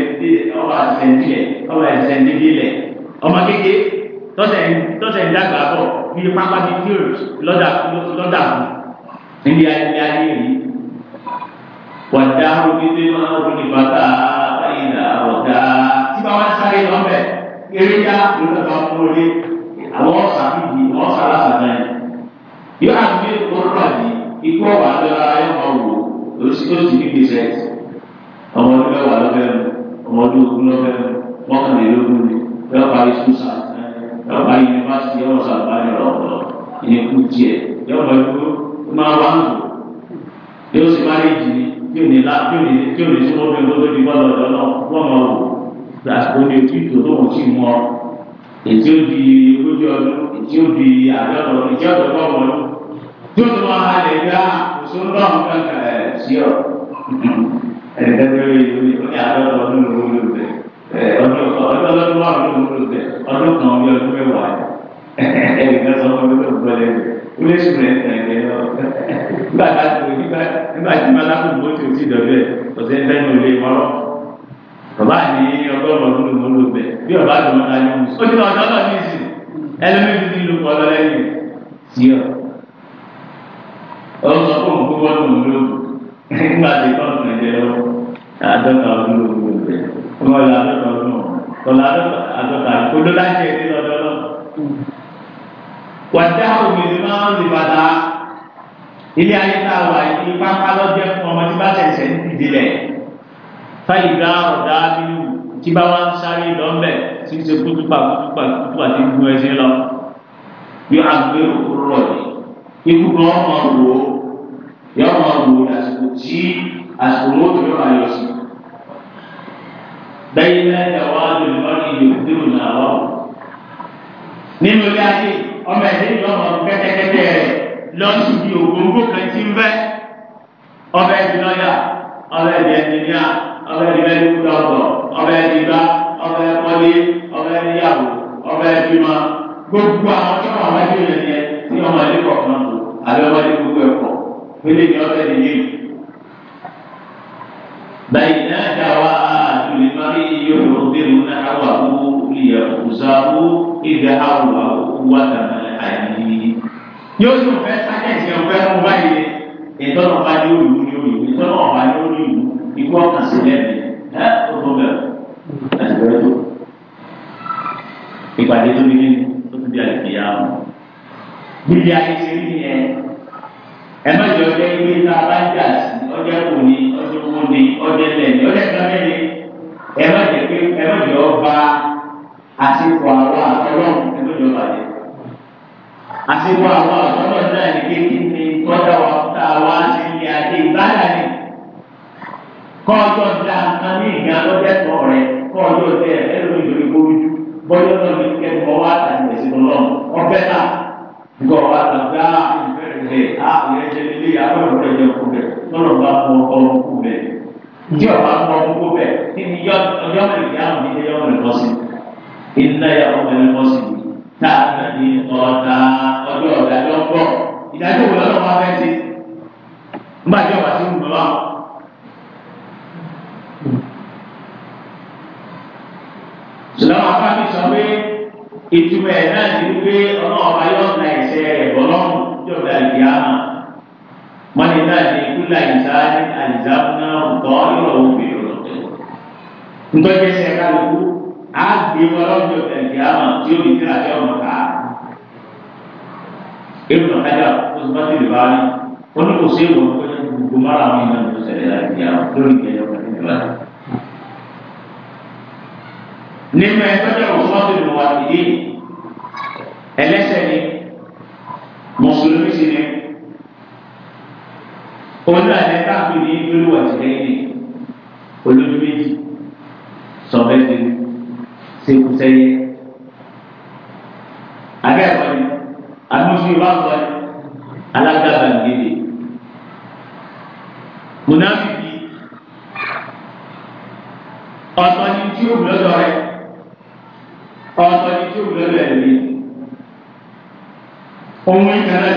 ọmọ àṣẹ̀ṣẹ̀ ń délẹ̀ ọmọ àṣẹ̀ṣẹ̀ ń délẹ̀ ọmọ kéke tọ́sẹ̀ ń dàgbà bọ̀ bíi pápá bíi tíòrì lọ́dà lọ́dà níbi ayé ayé yìí wàjáhàrù mèzèmọ́ àwùjọ bàtà báyìí nà ọ̀dà tí bá sáré lọ́bẹ̀ẹ́ kéréjà nígbà tó ń wọlé àwọn ọ̀sà bíbí ọ̀sà lásàdá yìí yóò àgbé kọ́ńtà yìí ikú ọ̀wà lọ́la yóò máa wò lóṣìṣẹ́ bíbí sẹ́ ọmọ ọdún mẹ́wàá lọ́fẹ́ mu ọmọ ọdún ogún lọ́fẹ́ mu mọ́kànlélógún ni yóò parí sùsà yóò parí yunifásitì yóò sàbáyé ọ̀pọ̀ ìyẹ̀kú tiẹ̀ yóò máa wọ́n máa wá ń wò yóò sì máa rí jìnnì tí ò ní lá tí ò ní tí ò ní sọ́kọ́ bí wọ́n tó di bọ́ọ̀lù ọ̀dọ́ náà wọ́n máa wò lásìkò ní ojú wọn kì mọ ètí ó di ogójì ọdún ètí ó di àádọ́ta ọdún ètí ọdún bọ̀ wọn tí ó ah, tó wọn á lè gbá oṣù lọ́rùn kankan ẹ̀ sí ọ ẹ̀ẹ́dẹ́gbẹ̀rẹ̀ ìlú ní àádọ́ta ọdún ló wúlò bẹ̀ ọdún ọdún ọdún wà ló wúlò bẹ̀ ọdún kan bí ọdún mẹ́wàá ẹ̀ẹ́dẹ́gbẹ̀rẹ̀ sọ fún mi ló gbọ́ lẹ́nu wúlé sùn rẹ̀ tẹ̀lé lọ nígbà tí mo ti dọ̀bẹ̀ ọ̀sẹ̀ ń tẹ́nu ilé mọ́rọ̀ bàbá ni, ọgọ́rùn-ún ọdún ló lò bẹ́ẹ̀ bí ọba àti ọmọ náà ní omi ó ti lọ ọ̀dọ́ náà ní ìsìn ẹlẹ́mìí ti lù kọ́ lọ́lẹ́yìn sí ọ. ọ̀rọ̀ sọ fún òkú bọ́ọ̀lù mi ló nígbà tí bọ́ọ̀lù mi jẹ lọ àádọ́ta ọdún ló lò bẹ́ẹ̀ ọmọ ìlà àádọ́ta ọdún ọ̀la àádọ́ta odó láti ẹ̀ sí lọ́dọ́ náà. wàjá òmìnir máa ń lè bàtà ilé ayé tá a wà ní pápá lọ́jọ́ fáyidá ọ̀dá bínú tí bá wá ń sáré lọ́mbẹ̀ tí ń ṣe kútùpà kútùpà kútùpà tí ń gun ẹsẹ̀ lọ bí agbé òwúrọ̀ yìí ikú kan ọmọ wò ó yọ ọmọ wò ó àsìkò tí àsìkò wọn fi wà yọ sí. bẹ́ẹ̀ ni ẹ̀yà wa lè lọ ní ìlú dèrò náà wà ó. nínú ilé ayé ọmọ ẹ̀dẹ́ ìlú ọmọ kẹ́tẹ́kẹ́tẹ́ rẹ̀ lọ sí ibi kan tí ń bẹ́ ọmọ ẹ̀dẹ́ lọ́yà ọmọ ẹ̀dẹ́ ẹ̀dẹ́ ọbẹ̀ ẹ̀dí mẹ́rin dọ̀tọ̀ ọbẹ̀ ẹ̀dí gbá ọbẹ̀ ẹ̀kọ́lé ọbẹ̀ ẹ̀dí yàwó ọbẹ̀ ẹ̀dí ma gbogbo àwọn tó wà wájú yẹn yẹn tí ọmọ ẹ̀dí kọ̀ọ̀kan lò àbí ọmọ ẹ̀dí gbogbo ẹ̀kọ́ pélé ni ọbẹ̀ ẹ̀dí yìí. báyìí náà dá wa àtúlẹ̀ mari yóò lọ bẹ́ẹ̀rù náà wà ó lìyà kùsàwó ìdá àwọ̀ wà tàmà àyè. yóò sùn fẹ́ sákẹ̀sì ọ̀fẹ́ fún báyìí ìtọ́nà ọba yóò lù ú yóò lù ú ìtọ́nà ọba yóò lù ú ikú ọkàn sí lẹ́nu ẹ ó tó bẹ̀rù láti bẹ̀rẹ̀ tó ìpàdé tó ní nínú tó ti di àlùkìyà wọn. bíbí ayé ṣe rí ni ẹ ẹ má jọ jẹ ilé tá a bá ń jà sí ọjọ́ kò ní ọjọ́ kò ní ọjọ́ lẹ́nu ọjọ́ ìgbàlẹ́ ni ẹ má jẹ pé ẹ má jọ bá àsìkò àwọn àtọ́lọ́run ẹ má jọ bàjẹ́ àsìkò àwọn àtọ́lọ́run náà ní kékeré ní kọ́dà wa tá a wá sí ilé adé ìbára kọjọ da nǹkan ní ìgbà lọ́jọ́ ẹ̀tọ́ rẹ kọjọ tẹ ẹlòmí ìdòwì kóríjú bọ́jọ́ náà ní kẹ́kọ̀ọ́ wá àtàlẹ̀ ìṣẹ̀lẹ̀ lọ́nà ọbẹ̀ ta gbọ́ wá gbàgbá ìfẹ́rẹ̀ ààrẹ ìṣẹ̀lẹ̀ ilé abẹ́rẹ́ rẹ̀ yẹ kú bẹ̀ lọ́nà bá fún ọkọ̀ kú bẹ̀ jí ọba fún ọkọ̀ kú bẹ̀ kí ni yọmọ ìgbà àwọn ìdílé yọmọ ìkọ́sí ilé yàwó mẹ́rin kọ́sí tá a nà ní ọ̀tá ọjọ́ ọ̀dájọ́ gbọ́ ìdájọ́ òwúrọ̀ lọ́wọ́ làwọn afáàbí sọ pé ìtumọ̀ ẹ̀ náà ti wípé ọlọ́ọ̀ba yóò na ẹ̀sẹ̀ rẹ̀ bọ́lọ́mù yóò da ìdí àmà wọ́n ní náà ní ikú la ìzá ní àìzá náà tọ́ yóò wọ́n fi rọ̀ ntọ́jú ẹsẹ̀ kálukú á gbé bọ́lọ́mù yóò da ìdí àmà tí ó fi àjọ ọmọ ká ebi na kájà oṣù bá ti lè ní kò sí nínú ẹgbẹ́ jẹ́ mùsùlùmí tó lù wá nìyí ẹlẹ́sẹ̀ ni mùsùlùmí sì ni olú àlẹ́ káàpì ní ìlú àtìlẹ́yìn olójú méjì sọ̀bẹ́sẹ̀ sekúsẹ́yẹ abẹ́ẹ̀kọ́ ni amúsùlùmí bá ń kọ́ ni alágbàbà gidi. Only God.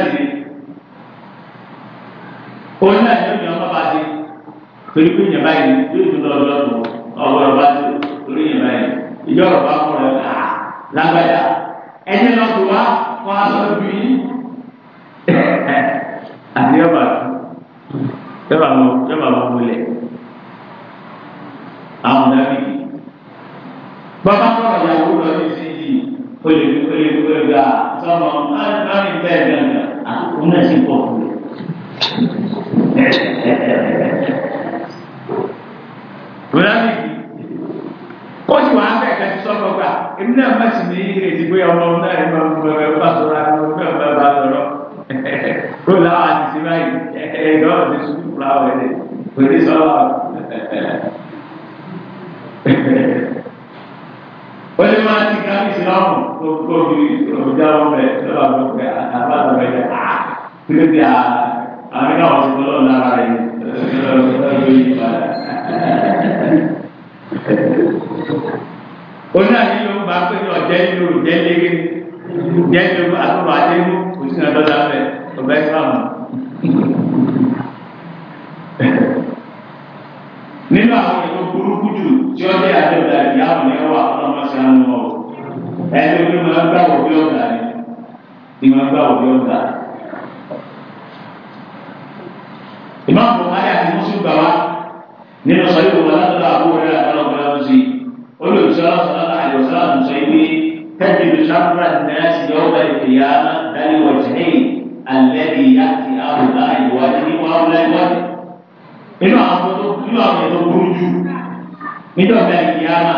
níjọba ìyáàmà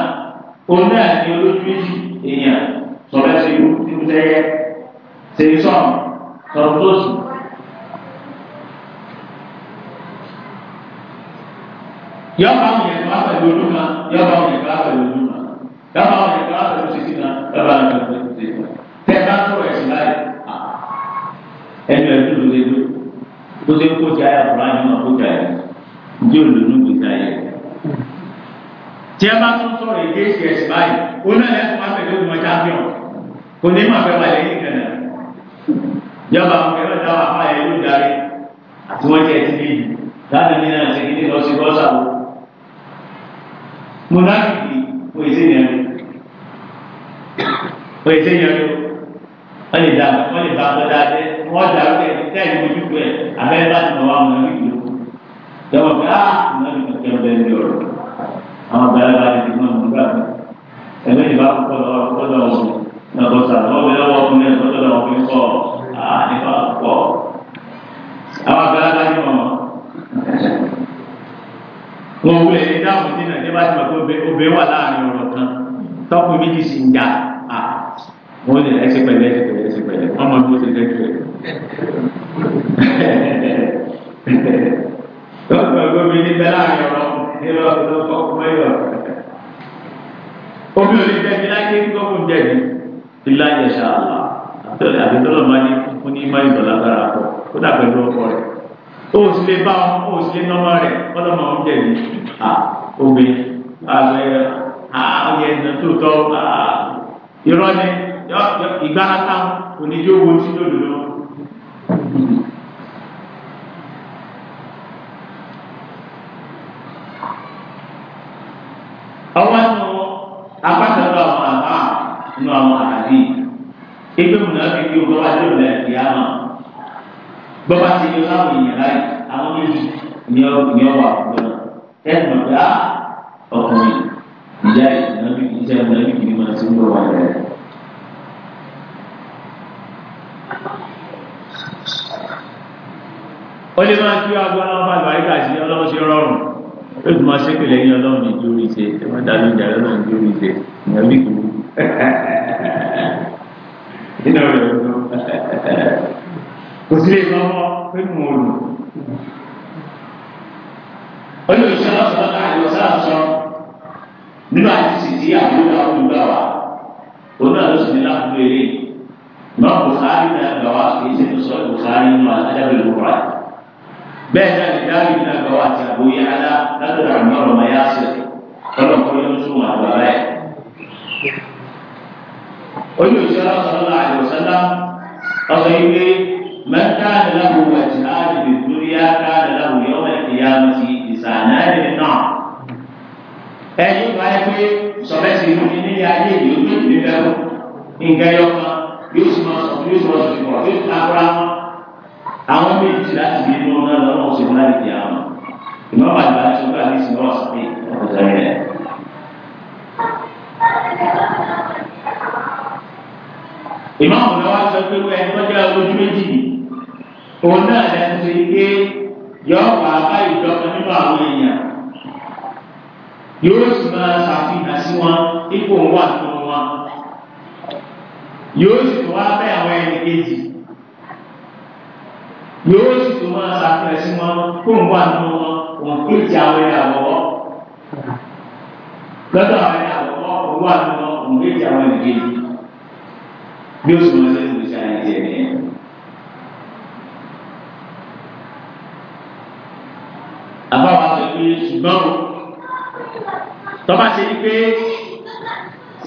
òun náà ní olójú méjì èèyàn sọ̀rọ̀ ẹsẹ̀ ìlú nínú sẹ́yẹ sèyí sọ̀n sọ̀rọ̀ tóòsì. yọba àwọn yẹn tó wá pẹ̀lú ojú kan yọba àwọn yẹn tó wá pẹ̀lú ojú kan yọba àwọn yẹn tó wá pẹ̀lú títí kan yọba àwọn yẹn tó pẹ̀lú títí kan tẹ bá sọ̀rọ̀ ẹ̀sìn láyé ẹnu ẹ̀dùn ló lé ló kó tẹ kó tẹ ayé àbúrò ayé wọn kó tẹ ayé ní olùdókòtà ayé rẹ tí a bá tún sọ̀rọ̀ èdè ìṣe ẹ̀sìn báyìí ó náà lẹ́sùn máa fẹ̀lẹ́ ògùn ọjà fihàn kò ní máa fẹ́ wà lẹ́yìn ìkànnà yọba àwọn ẹ̀rọ dáwà fún ayẹyẹ ló darí àti wọ́n jẹ́ ti bíi láti ní náà ṣe kíní lọ sí gọ́sà o. mo náà kìkì mo èsè yẹn lò mo èsè yẹn lò wọ́n lè dà wọ́n lè bá wọn dáadé wọ́n dà ó lẹ́yìn tẹ́lẹ̀ ojú pẹ̀ abẹ́rẹ́ bá ti mọ̀ wá mọ̀ ní ìlú. yọ̀wọ̀ pé á mọ̀ ní ìlú kẹ́ àwọn àgbàlagbà ti fi wọn nígbà tó ẹgbẹ́ ìbá kọ́lọ́ kọ́lọ́ wọn lọ́kọ̀ọ́sà lọ́wọ́ lọ́wọ́ ọkùnrin ẹ̀ lọ́dọ̀ lọ́wọ́ fi sọ àdìbà pọ̀ àwọn àgbàlagbà ti mọ̀ wọn wúlò ẹni dáhùn sí náà nígbà tí wọn tó obè wà láàrin ọ̀rọ̀ kan tọ́kùn méjì sì ń jà wọn ní ẹsẹ̀ pẹ̀lẹ́ ẹsẹ̀ pẹ̀lẹ́ ẹsẹ̀ pẹ̀lẹ́ wọn tó ṣe lẹ́tọ̀ ẹ̀ lọ́kùnrin gómìnà bẹ́ẹ̀ láàrin ọ̀rọ̀ nírọ̀ tó kọ́ mẹ́rọ̀. omi ò lè jẹ́bi láyé gbọ́mù jẹ̀bi ilá yẹ̀ṣà àlá àtọ̀lẹ̀ àbẹ̀tọ̀lọ̀ máa ní fún ní máa ń dọ̀lá dára pọ̀ kó dà pẹ̀lú ọkọ rẹ̀. o sì lè bá ọmọ o sì lè nọ́mọ rẹ̀ ọlọ́mọ ọ̀hún jẹ̀bi à omi àgbẹ̀ àyẹ̀ ẹ̀dùn tó tọ́ ìrọ́ni ìgbára táwọn onídìí owó tí lòdùn lọ. nínú àwọn àdí ẹgbẹ́ múná fi kí ọgbọ́n wájú rẹ̀ di àmà gbọ́dọ̀ ti yọ láwọn èèyàn láì àwọn méjì ní ọwọ́ àkùkọ náà ẹ̀ mọ̀ dá ọkùnrin ìyá ìnáwó ìṣe ìnáwó ìkìlì máa ti ń bọ̀ wá rẹ̀. ó lè máa kí agbó ọlọ́wọ́ bá àlùbáríkà sí ọlọ́wọ́ sí rọrùn ó sì máa ṣépè lẹ́yìn ọlọ́run ìjórí ṣe ẹ iná rẹ̀ ló kò sí lè lọ́wọ́ pé mo lò. olùsọ ọ̀sán àjọ sáàsọ nínú àtìsí tí àbúrò àwọn gbà wá òun náà ló sì ní láàbù eré náà Bukhari náà gbà wá kì í ṣe sọ Bukhari nínú adábẹ̀lẹ̀ Bukhari. bẹ́ẹ̀ náà ní dábì náà gbà wá àti àbúyá alá látọ̀dọ̀ àmọ́ ọ̀rọ̀ mayá sí ọlọ́kọ́ yóò tún wà lọ́wọ́ ẹ̀ olùsọ̀rọ̀ sọ̀rọ̀ àìwòsànlá ọ̀sọ̀ ìwé mẹ́ta àdìláwò wẹ̀tì àdìbì lórí aká àdìláwò yọ̀wọ̀ ẹ̀kì ya ti ìsànà ẹ̀dìbì náà. ẹni bá yẹ pé sọ̀rẹ́sì ìlú ní nílé ayé ìlú ní ìlú bẹ́ẹ̀ nǹkan yọ kan yóò sì máa sọ yóò sì máa sọ ìmọ̀ yóò ta kura àwọn méjì láti bí inú náà lọ́wọ́ ọ̀sẹ̀ wọn láti di àwọn ìmọ̀ àgbà tí wọ́n bá ní ìsìn náà sọ pé ọ̀sẹ̀ rẹ̀ ìmọ̀ ọ̀nà wa sọ pé wọ́n ẹni tọ́jú ojú méjì ni òun náà lẹ́nu ṣe pé yọ wà bá ìjọba nínú àwọn èèyàn yóò sì máa ṣàfihàn sí wọn ipò wà nínú wọn yóò sì tó wá bẹ́ àwọn ẹni kejì yóò sì tó máa ṣàfihàn sí wọn kó ń wà nínú wọn òun kejì àwọn ẹni àwọ̀wọ́ lọ́dọ̀ àwọn ẹni àwọ̀wọ́ òun wà nínú wọn òun kejì àwọn ẹni kejì bí o sì máa ṣe ìgbésí ayé tiẹ̀ nìyẹn. àbáwá sọ pé ṣùgbọ́n o tọ́ba ṣe ni pé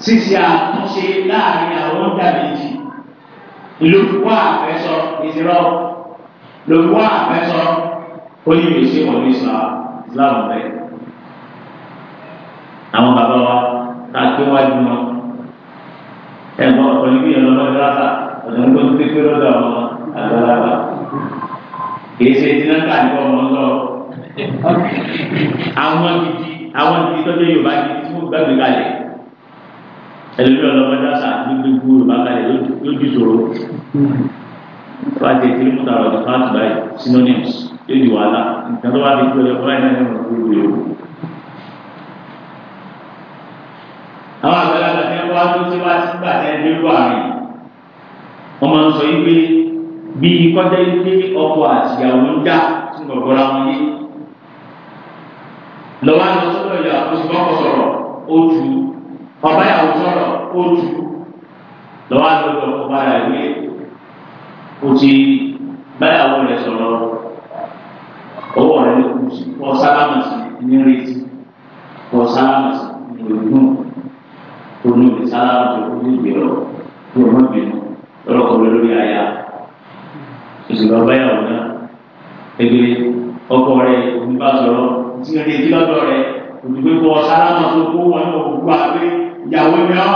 ṣíṣe àtúnṣe láàrin àwọn dàbíjì lórúkọ àfẹsọ ìṣirọ lórúkọ àfẹsọ onígbèsè wọlé sọ Islam bẹ àwọn bàbá wa tá gbé wájú wọn ẹ̀gbọ́n ọ̀pọ̀lọpọ̀ yìí lọ lọ́dọ̀ lọ́sà ọ̀dọ̀ ń gbọ́dọ̀ pípé lọ́dọ̀ ọmọ àgbàlagbà kìí ṣe iná ká ní ọmọ ń lọ àwọn gidi àwọn gidi tọ́jú Yorùbá gidi tí wọ́n gbàgbé kalẹ̀ ẹlòmíràn lọ́wọ́ lọ́sà gbogbo Yorùbá kalẹ̀ lójú ìṣòro wọ́n á ti ti mú tààrọ̀ the past by synonyms yóò di wàhálà nǹkan tó wà ní kúrò lẹ́kọ́ láì náà ní ọ̀rọ̀ kúrò lóyún. àwọn àgbẹ̀ wá tó tí wá ti gbà tẹ́ nílùú àárín wọ́n máa ń sọ yí pé bí kọ́já yí pé ọkọ àtìyàwó ń jà tí ń gbọ̀gbọ́ra wọn yé lọ́wọ́ àti ọ̀sọ́dọ̀ yà ó ti sọ̀rọ̀ ó ọba yàwó sọ̀rọ̀ ó lọ́wọ́ àti ọ̀dọ̀ ọba yà wí ó ti báyàwó rẹ̀ sọ̀rọ̀ ọwọ́ rẹ̀ ló sí kọ́ sálámà sí ní retí kọ́ sálámà sí ní òdùnnú tó ní ìsára tó ní ìgbèrò tó ní ìbínú lọ́kọ̀ lórí aya ìṣèlú ọbẹ̀yàwó náà ebile ọkọ rẹ onígbà sọ̀rọ̀ tí o lè di lọ́dọ̀ rẹ olùgbé kọ sára tó kó wọn náà òkú àgbé ìyàwó ni ọ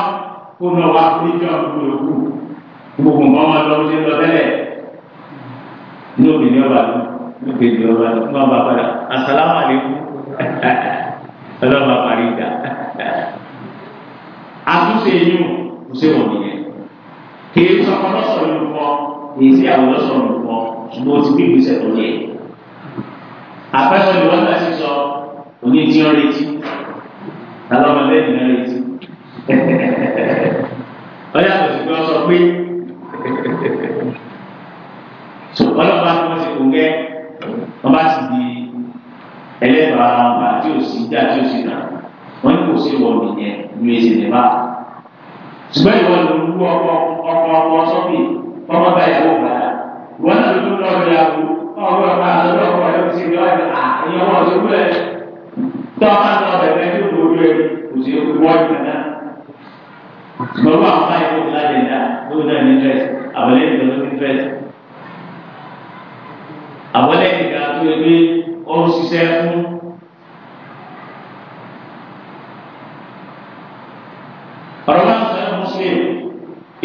kó náà wà ní ìjọ àbúrò òkú gbogbo nǹkan máa lọ sí lọ tẹ́lẹ̀ ní obìnrin ọba ní obìnrin ọba ní ọba padà asalamu alaykum ọlọ́ba parí ìjà àtúnṣe yín kò ṣe wọ̀n nìyẹn kìí sọkọ lọ́sọ̀rọ̀ olùkọ́ kìí sí àwọn lọ́sọ̀rọ̀ olùkọ́ ṣùgbọ́n o ti gbé ìgbésẹ̀ tó yẹ àfẹ́sọ̀rọ̀ ìwọ́n náà ti sọ òní tí wọ́n retí lálọ́mọdé ìdílé retí ọ̀yà tó ti gbé ọ sọ pé ọlọ́ba tó ti kò gẹ́ ọba ti di ẹlẹ́bàá àwọn àti òsì dá àti òsì náà wọ́n ní kò sí wọ́n nìyẹn ní èsì nìbá. ṣùgbọ́n ìwọ ló wú ọkọ ọkọ ọkọ sọ́bì ọmọ bá ìyàwó gbà á. ìwọ náà ló lọ rí àwọn ọmọ ọmọ àtọ́jú ọkọ rẹ ti rí ọ̀rẹ́ àyàn wọn tó wúlẹ̀ tọ́ ká lọ bẹ̀rẹ̀ tó lórí ẹ̀ kò sí ewu wọ́n yìí náà. ṣùgbọ́n wọn àwọn báyìí kò láyé dá lóun náà ní fẹ́ẹ̀sì àbọ̀lẹ́ ìgbà ní fẹ́ẹ̀sì. àbọ̀lẹ́ ìgbà tó yẹ pé ó muslim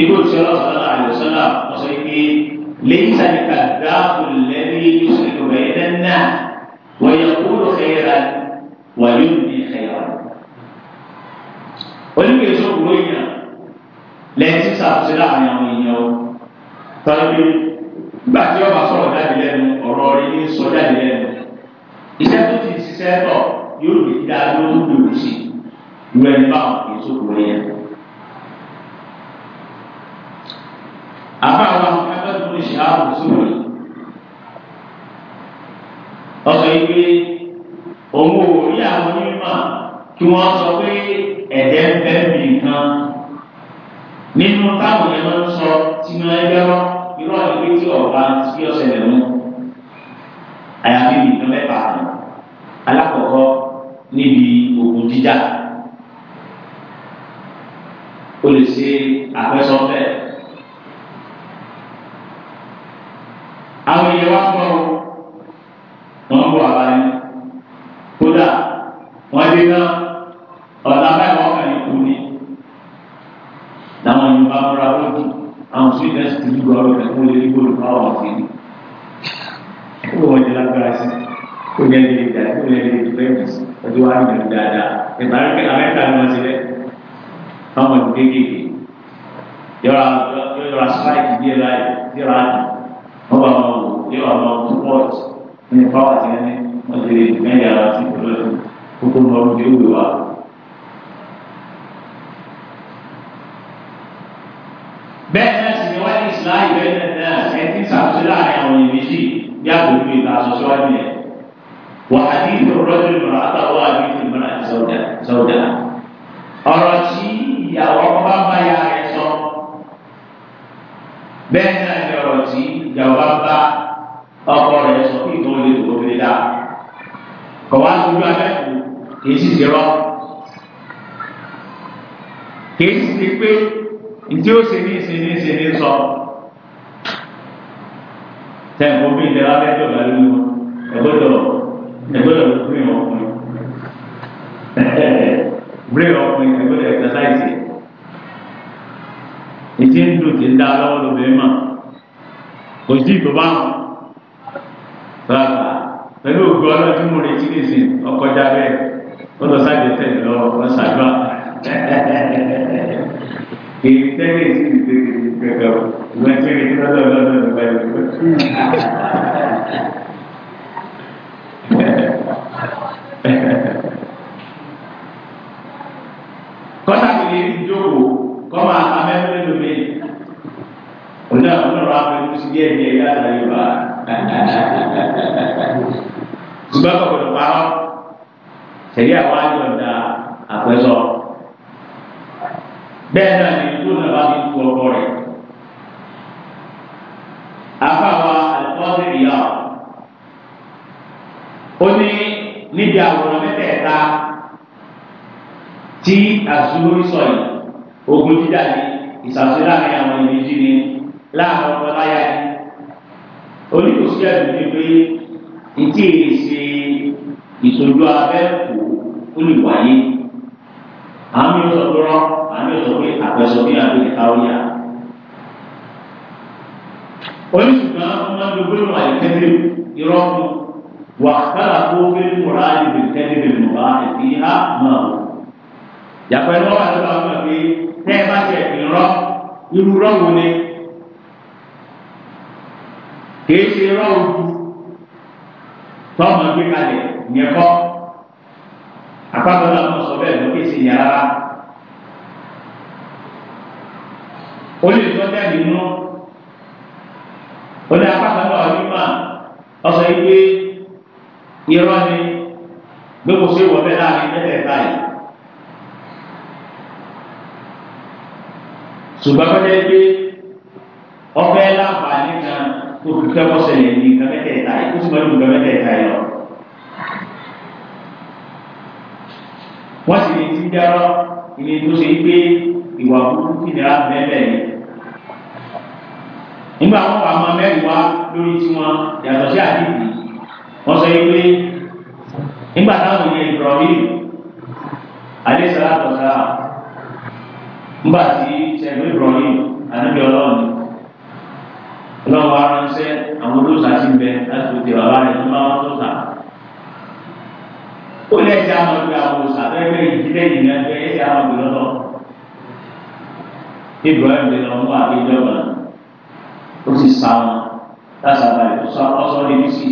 ikú ìṣẹ́ ọlọ́sọ̀rọ̀ àlùsọ́lá ọ̀sọ̀ ike lẹ́yìn sàdíkà dáàbò lẹ́rí yusuf bẹ́ẹ̀ náà wọ́yẹ kúrò xẹ́yẹ̀rà wàyó ní xẹ́yẹ̀rà. oníkèé sọ wúlò yẹn lẹ́yìn sísá sílá àyàwó yẹn o tọ́lú gbà tí ọba sọ̀rọ̀ jáde lẹ́nu ọ̀rọ̀ rẹ̀ sọ jáde lẹ́nu iṣẹ́ tó ti ṣiṣẹ́ tọ̀ yóò lè dá lóhùn lòdì sí ìwé ẹ̀ bá òkè sọ wúlò àbá àwọn akẹ́kọ̀ọ́ tó ṣe ààbò sórí ọ̀sọ̀ ìgbé òun ò rí àwọn onímọ̀ kí wọ́n sọ pé ẹ̀jẹ̀ ń bẹ́ mi nǹkan nínú táwọn yẹn máa ń sọ tí wọ́n ẹgbẹ́ rọ irọ́ ìgbé tí ọ̀gá ti fi ọ̀sẹ̀ rẹ̀ mú àyàfi nìkan mẹ́ta alákọ̀ọ́kọ́ níbi ogun jíjà o lè ṣe àfẹ́sọ́fẹ́. àwọn èèyàn wá gbọ́ ọ wọ́n bọ̀ àbá yẹn kódà wọ́n dé náà ọ̀dà báyìí wọ́n kàn kú ni làwọn yìí bá múra lójú àwọn sí ìdẹ́sì tó dúró ọ̀rọ̀ rẹ̀ fún olórí bóòlù náà wà sí i kó wọ́n jẹ́ lágbára sí kó jẹ́ lè dà kó lè lè dùbẹ́ mi ọjọ́ wa ń bẹ̀rù dáadáa ìbára kí amẹ́ta ni wọ́n ti rẹ̀ káwọn ìdí kéékèèké yọra ní pàwọ́ àti ẹni ni ti lè mẹ́rin ara sí ìpínlẹ̀ kókó ń lọ́rùn tí ó wù wá. bẹ́ẹ̀ náà sì ni wọ́n ní ìsìláyì bẹ́ẹ̀ náà ẹ̀ ti sàkóso láàrin àwọn èèyàn méjì bí àpòjú ìta àṣọṣọ wá nìyẹn. وحديث الرجل امرأته وحديث المرأة زوجها ọ̀rọ̀ tí ìyàwó bá bá ya rẹ̀ sọ bẹ́ẹ̀ ni ọ̀rọ̀ tí ìyàwó bá bá ọkọ rẹ̀ sọ lè dá kọ̀wá sojú abẹ́kùn kìí sì ṣe rọ́ kìí sì ṣe pé ntí ó ṣe ní ṣe ní ṣe ní sọ tẹ̀kọ́ bí ilẹ̀ wa bẹ́ẹ̀ jọba lórí wọn ẹgbọ́dọ̀ ẹgbọ́dọ̀ bí wọn ọkùnrin bírè ọkùnrin ẹgbọ́dọ̀ ẹ̀sásáìsì ètí ń dùn ti ń dá lọ́wọ́ lóbìnrin mọ̀ kò sí ìtò bá pẹ̀lú ògùn ọlọ́dún mo retí nìsí ọkọ̀ jábẹ́ ọlọ́ sáàjẹ tẹ̀lé lọ ọ̀rọ̀ sàdúrà èyí tẹ́lẹ̀ sí ìdè gẹ̀gẹ̀ ìwọ̀n tí èyí lọ́dọ̀ lọ́dọ̀ nípa ìlú. kọ́tà mi lè fi jókòó kọ́ máa ta mẹ́rin lónìí mi òun náà ń lọ́rọ̀ àfẹ́kù sí díẹ̀ díẹ̀ yára Yorùbá ṣùgbọ́n kọ̀ọ̀kan parọ́ ṣẹ̀lẹ̀ àwọn àjọ̀dá àpẹ́sọ. bẹ́ẹ̀ náà ni tó nàbà fi tu ọkọ rẹ̀. afáwa àlùfọ́ọ̀sì ìyá ó ní níbi àwòrán mẹ́tẹ̀ẹ̀ta tí àṣùlórí sọ yìí ogun jíjà ni ìṣàṣẹ láàrin àwọn ìbejì ni láàrin ọmọ láyà ni oníkòsí ẹ̀dùn ni pé ntí èyí ṣe ìṣojú abẹ́ kò ó lè wáyé àmì ìṣòro àmì ìṣòro àpẹṣọbí àbí ìkáwíyà. oríṣi kan wọn máa ń lo gbẹ́rù àìkẹ́dẹ́ irọ́ mu wà kára kó gbẹ́rù mọ̀ra àdìbò kẹ́dẹ́ mọ̀ra àti ìhà mọ̀. yàtọ̀ ẹ̀rọ wà lọ́wọ́ àwọn ọ̀gbìn tẹ́ ẹ bá jẹ ìrọ́ irú rọ́ wo ni kì í ṣe rọ́ ojú tọ́mọ̀ gbé kalẹ̀ ìyẹn kọ́ àpapọ̀ náà lọ sọ bẹ́ẹ̀ lókè sí yàrá ó lè tọ́ jáde nù ó ní apákan náà ní mà ọ̀sẹ̀ yìí pé irọ́ ni gbogbo sí ìwọ̀ bẹ́ẹ̀ láàrin mẹ́tẹ̀ẹ̀ta yìí. ṣùgbọ́n kọ́jà yìí pé ọbẹ̀ láǹfààní kan tó fi kẹ́kọ̀ọ́ sẹ̀yìn ní nǹkan mẹ́tẹ̀ẹ̀ta yìí ó sì mọ́ ní nǹkan mẹ́tẹ̀ẹ̀ta yìí ní ti dẹ́rọ́ ilé tó ṣe gbé ìwà burúkú ní abẹ́lẹ̀ yìí. nígbà wọn pa ọmọ mẹ́rin wá lórí tiwọn yàtọ̀ sí àdìbì wọ́n sọ pé nígbà táwọn yẹn Ibrahim alayhi salatu wa salam nígbà tí sẹ́gun Ibrahim anábì ọlọ́run ọlọ́run wa ránṣẹ́ àwọn olóòṣà ti ń bẹ láti òkè bàbá rẹ̀ tó máa ń tó sà ó lé ẹja máa gbé àwọn sàbẹ́gbẹ́ ìdílé yìí náà gbé ẹja máa gbé lọ́dọ̀ Ibrahim lè lọ mú àgbéjọ náà ó sì sá wọn lásàbà ìtòsọ ọsọdé ní sí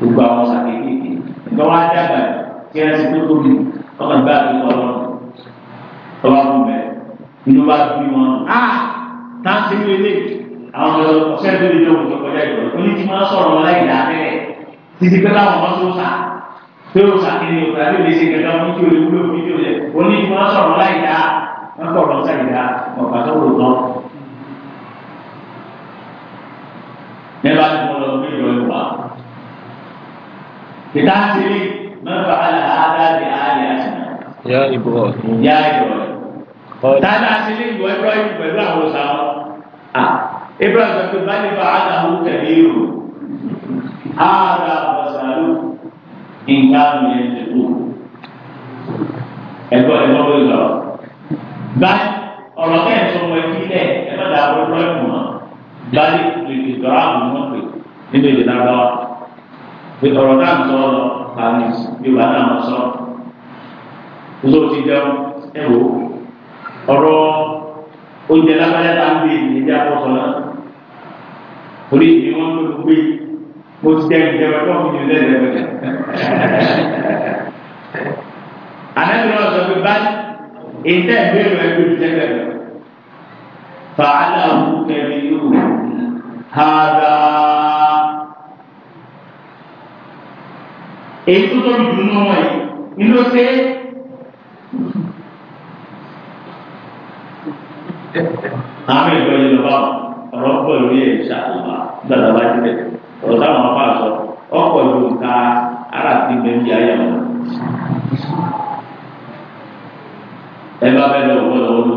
gbogbo àwọn sàkékèké nǹkan wá dàgbà tí ẹ ti tó tóbi ọkàn gbá àgbékọ lọ́rùn tọ́wá fún bẹ́ẹ̀ inú bá bí wọn á ah! táǹtì ní ilé àwọn ọ̀sẹ̀ tó lè lọ́wọ́ tó kọjá ìgbọ̀lọ́ oníjì máa sọ̀rọ̀ láì dá bẹ́ẹ̀ títí pé láwọn ọmọ tó sá ṣé o o tàbí lè ṣe wọn tí o lè wúlò fún ìjọ rẹ o ní kí wọn sọ̀rọ̀ láì dá wọn kọ ọ̀rọ̀ sáì dá wọn pàtó wò tán. nígbà tí wọn lọ sí ìjọ ìwà kìtà sí mẹfà àdáàdì àlẹ àṣìná. yá ìbò ọ̀hún. yá ìbò ọ̀hún. tàbí àṣìlẹ̀ ìwọ ẹ̀rọ ìlú pẹ̀lú àwọn ọ̀sán ọ̀ ibrahim sọ pé bá ní bá àdáhùn tẹ̀lé ìrù àdá ọ̀sán nǹkan yẹn ti kú ẹgbẹ́ ẹgbẹ́ wọlé lọ báyìí ọ̀rọ̀ náà ẹsọ ọmọ ẹbí lẹ ẹgbẹ́ dà wọlé lọ ẹkùn náà báyìí lèdè dọrọ àwọn ọmọ pè nínú èdè náà lọ pé ọ̀rọ̀ náà sọ ọ lọ àmì ìwà náà wọn sọ ọsọ ti dẹrù ẹ wò ọ̀rọ̀ oúnjẹ lábẹ́lẹ́ tá ń bè ní ẹjẹ́ àkọsọ náà orí ìdí wọn ló gbé yìí mo ti jẹ ìjẹba tó ń yìn lẹ́yìn lẹ́yìn. Àlejò náà sọ pé báyìí ìtẹ́ ìbéèrè ẹgbẹ́ ìjẹ́gbẹ́ lọ. Fàálà òkèèrè yóò hàdà. Èyí tó tóbi jù nínú wọn yìí, nínú ṣe é. Àmì ìgbọ̀nyìn lọ́wọ́ ọ̀rọ̀ pọ̀ lórí ẹ̀ ṣàlùmá gbàdàbà jẹ́ bẹ̀rẹ̀. ẹ bá bẹ́ẹ̀ lọ gbọ́dọ̀ wọn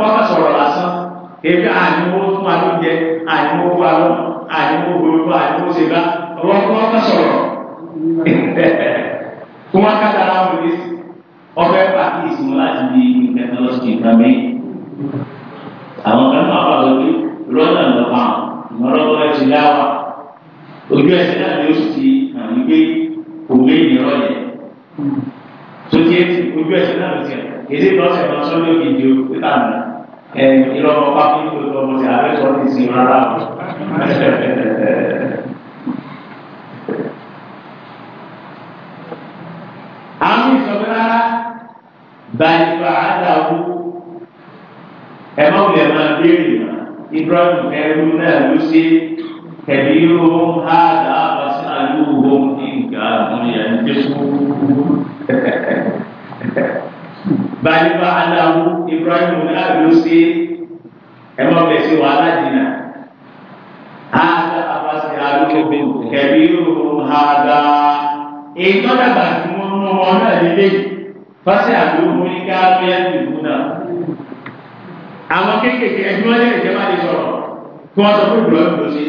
wọ́n kà sọ̀rọ̀ lásán èmi àníwó fún alóúnjẹ àníwó fún alọ́ àníwó gbogbo àníwó ṣègbà wọ́n wọ́n kà sọ̀rọ̀ fún wọn kàtà ara wọn lè ọbẹ̀ pàkíyèsí wọn láti di tẹkinọlọ́sì ìgbàmí àwọn kan máa wà lórí lọ́nà lọ́pàá ìmọ̀lọ́wọ́ ẹ̀ ti dáwà ojú ẹsẹ̀ náà ni ó sì ti hàn wípé kò lé ìrọ̀ yẹn tó ti ojú ẹsẹ̀ náà ti hàn èdè lọ́sẹ̀ kan sọ́dọ̀ kejì ó pé tààmù ẹ ìlọ́wọ́ bá fi kó lọ́wọ́ sí àbẹ́sọ̀ ti sìn rárá o. àwọn ìsọ̀rọ̀ rárá bàlùbà àdàwù ẹ má wulẹ̀ máa béèrè mà Ibrahim ẹrú náà ló ṣe kẹ̀lé irun ha dà bàyìnbá aláwo ibrahim onáàbí ló ṣe ẹ má bẹ ṣe wàhálà jìnnà àgbà àbáṣe àlùkẹbí kẹbí ọhàdà ètò àgbà tí wọn mú wọn náà lélẹ fásitì àlùkù ní káfíà tìbú náà àwọn kéékèèké ẹbí wọn lè jẹ má lè sọ̀rọ̀ kí wọn sọ fún ibrahim ló ṣe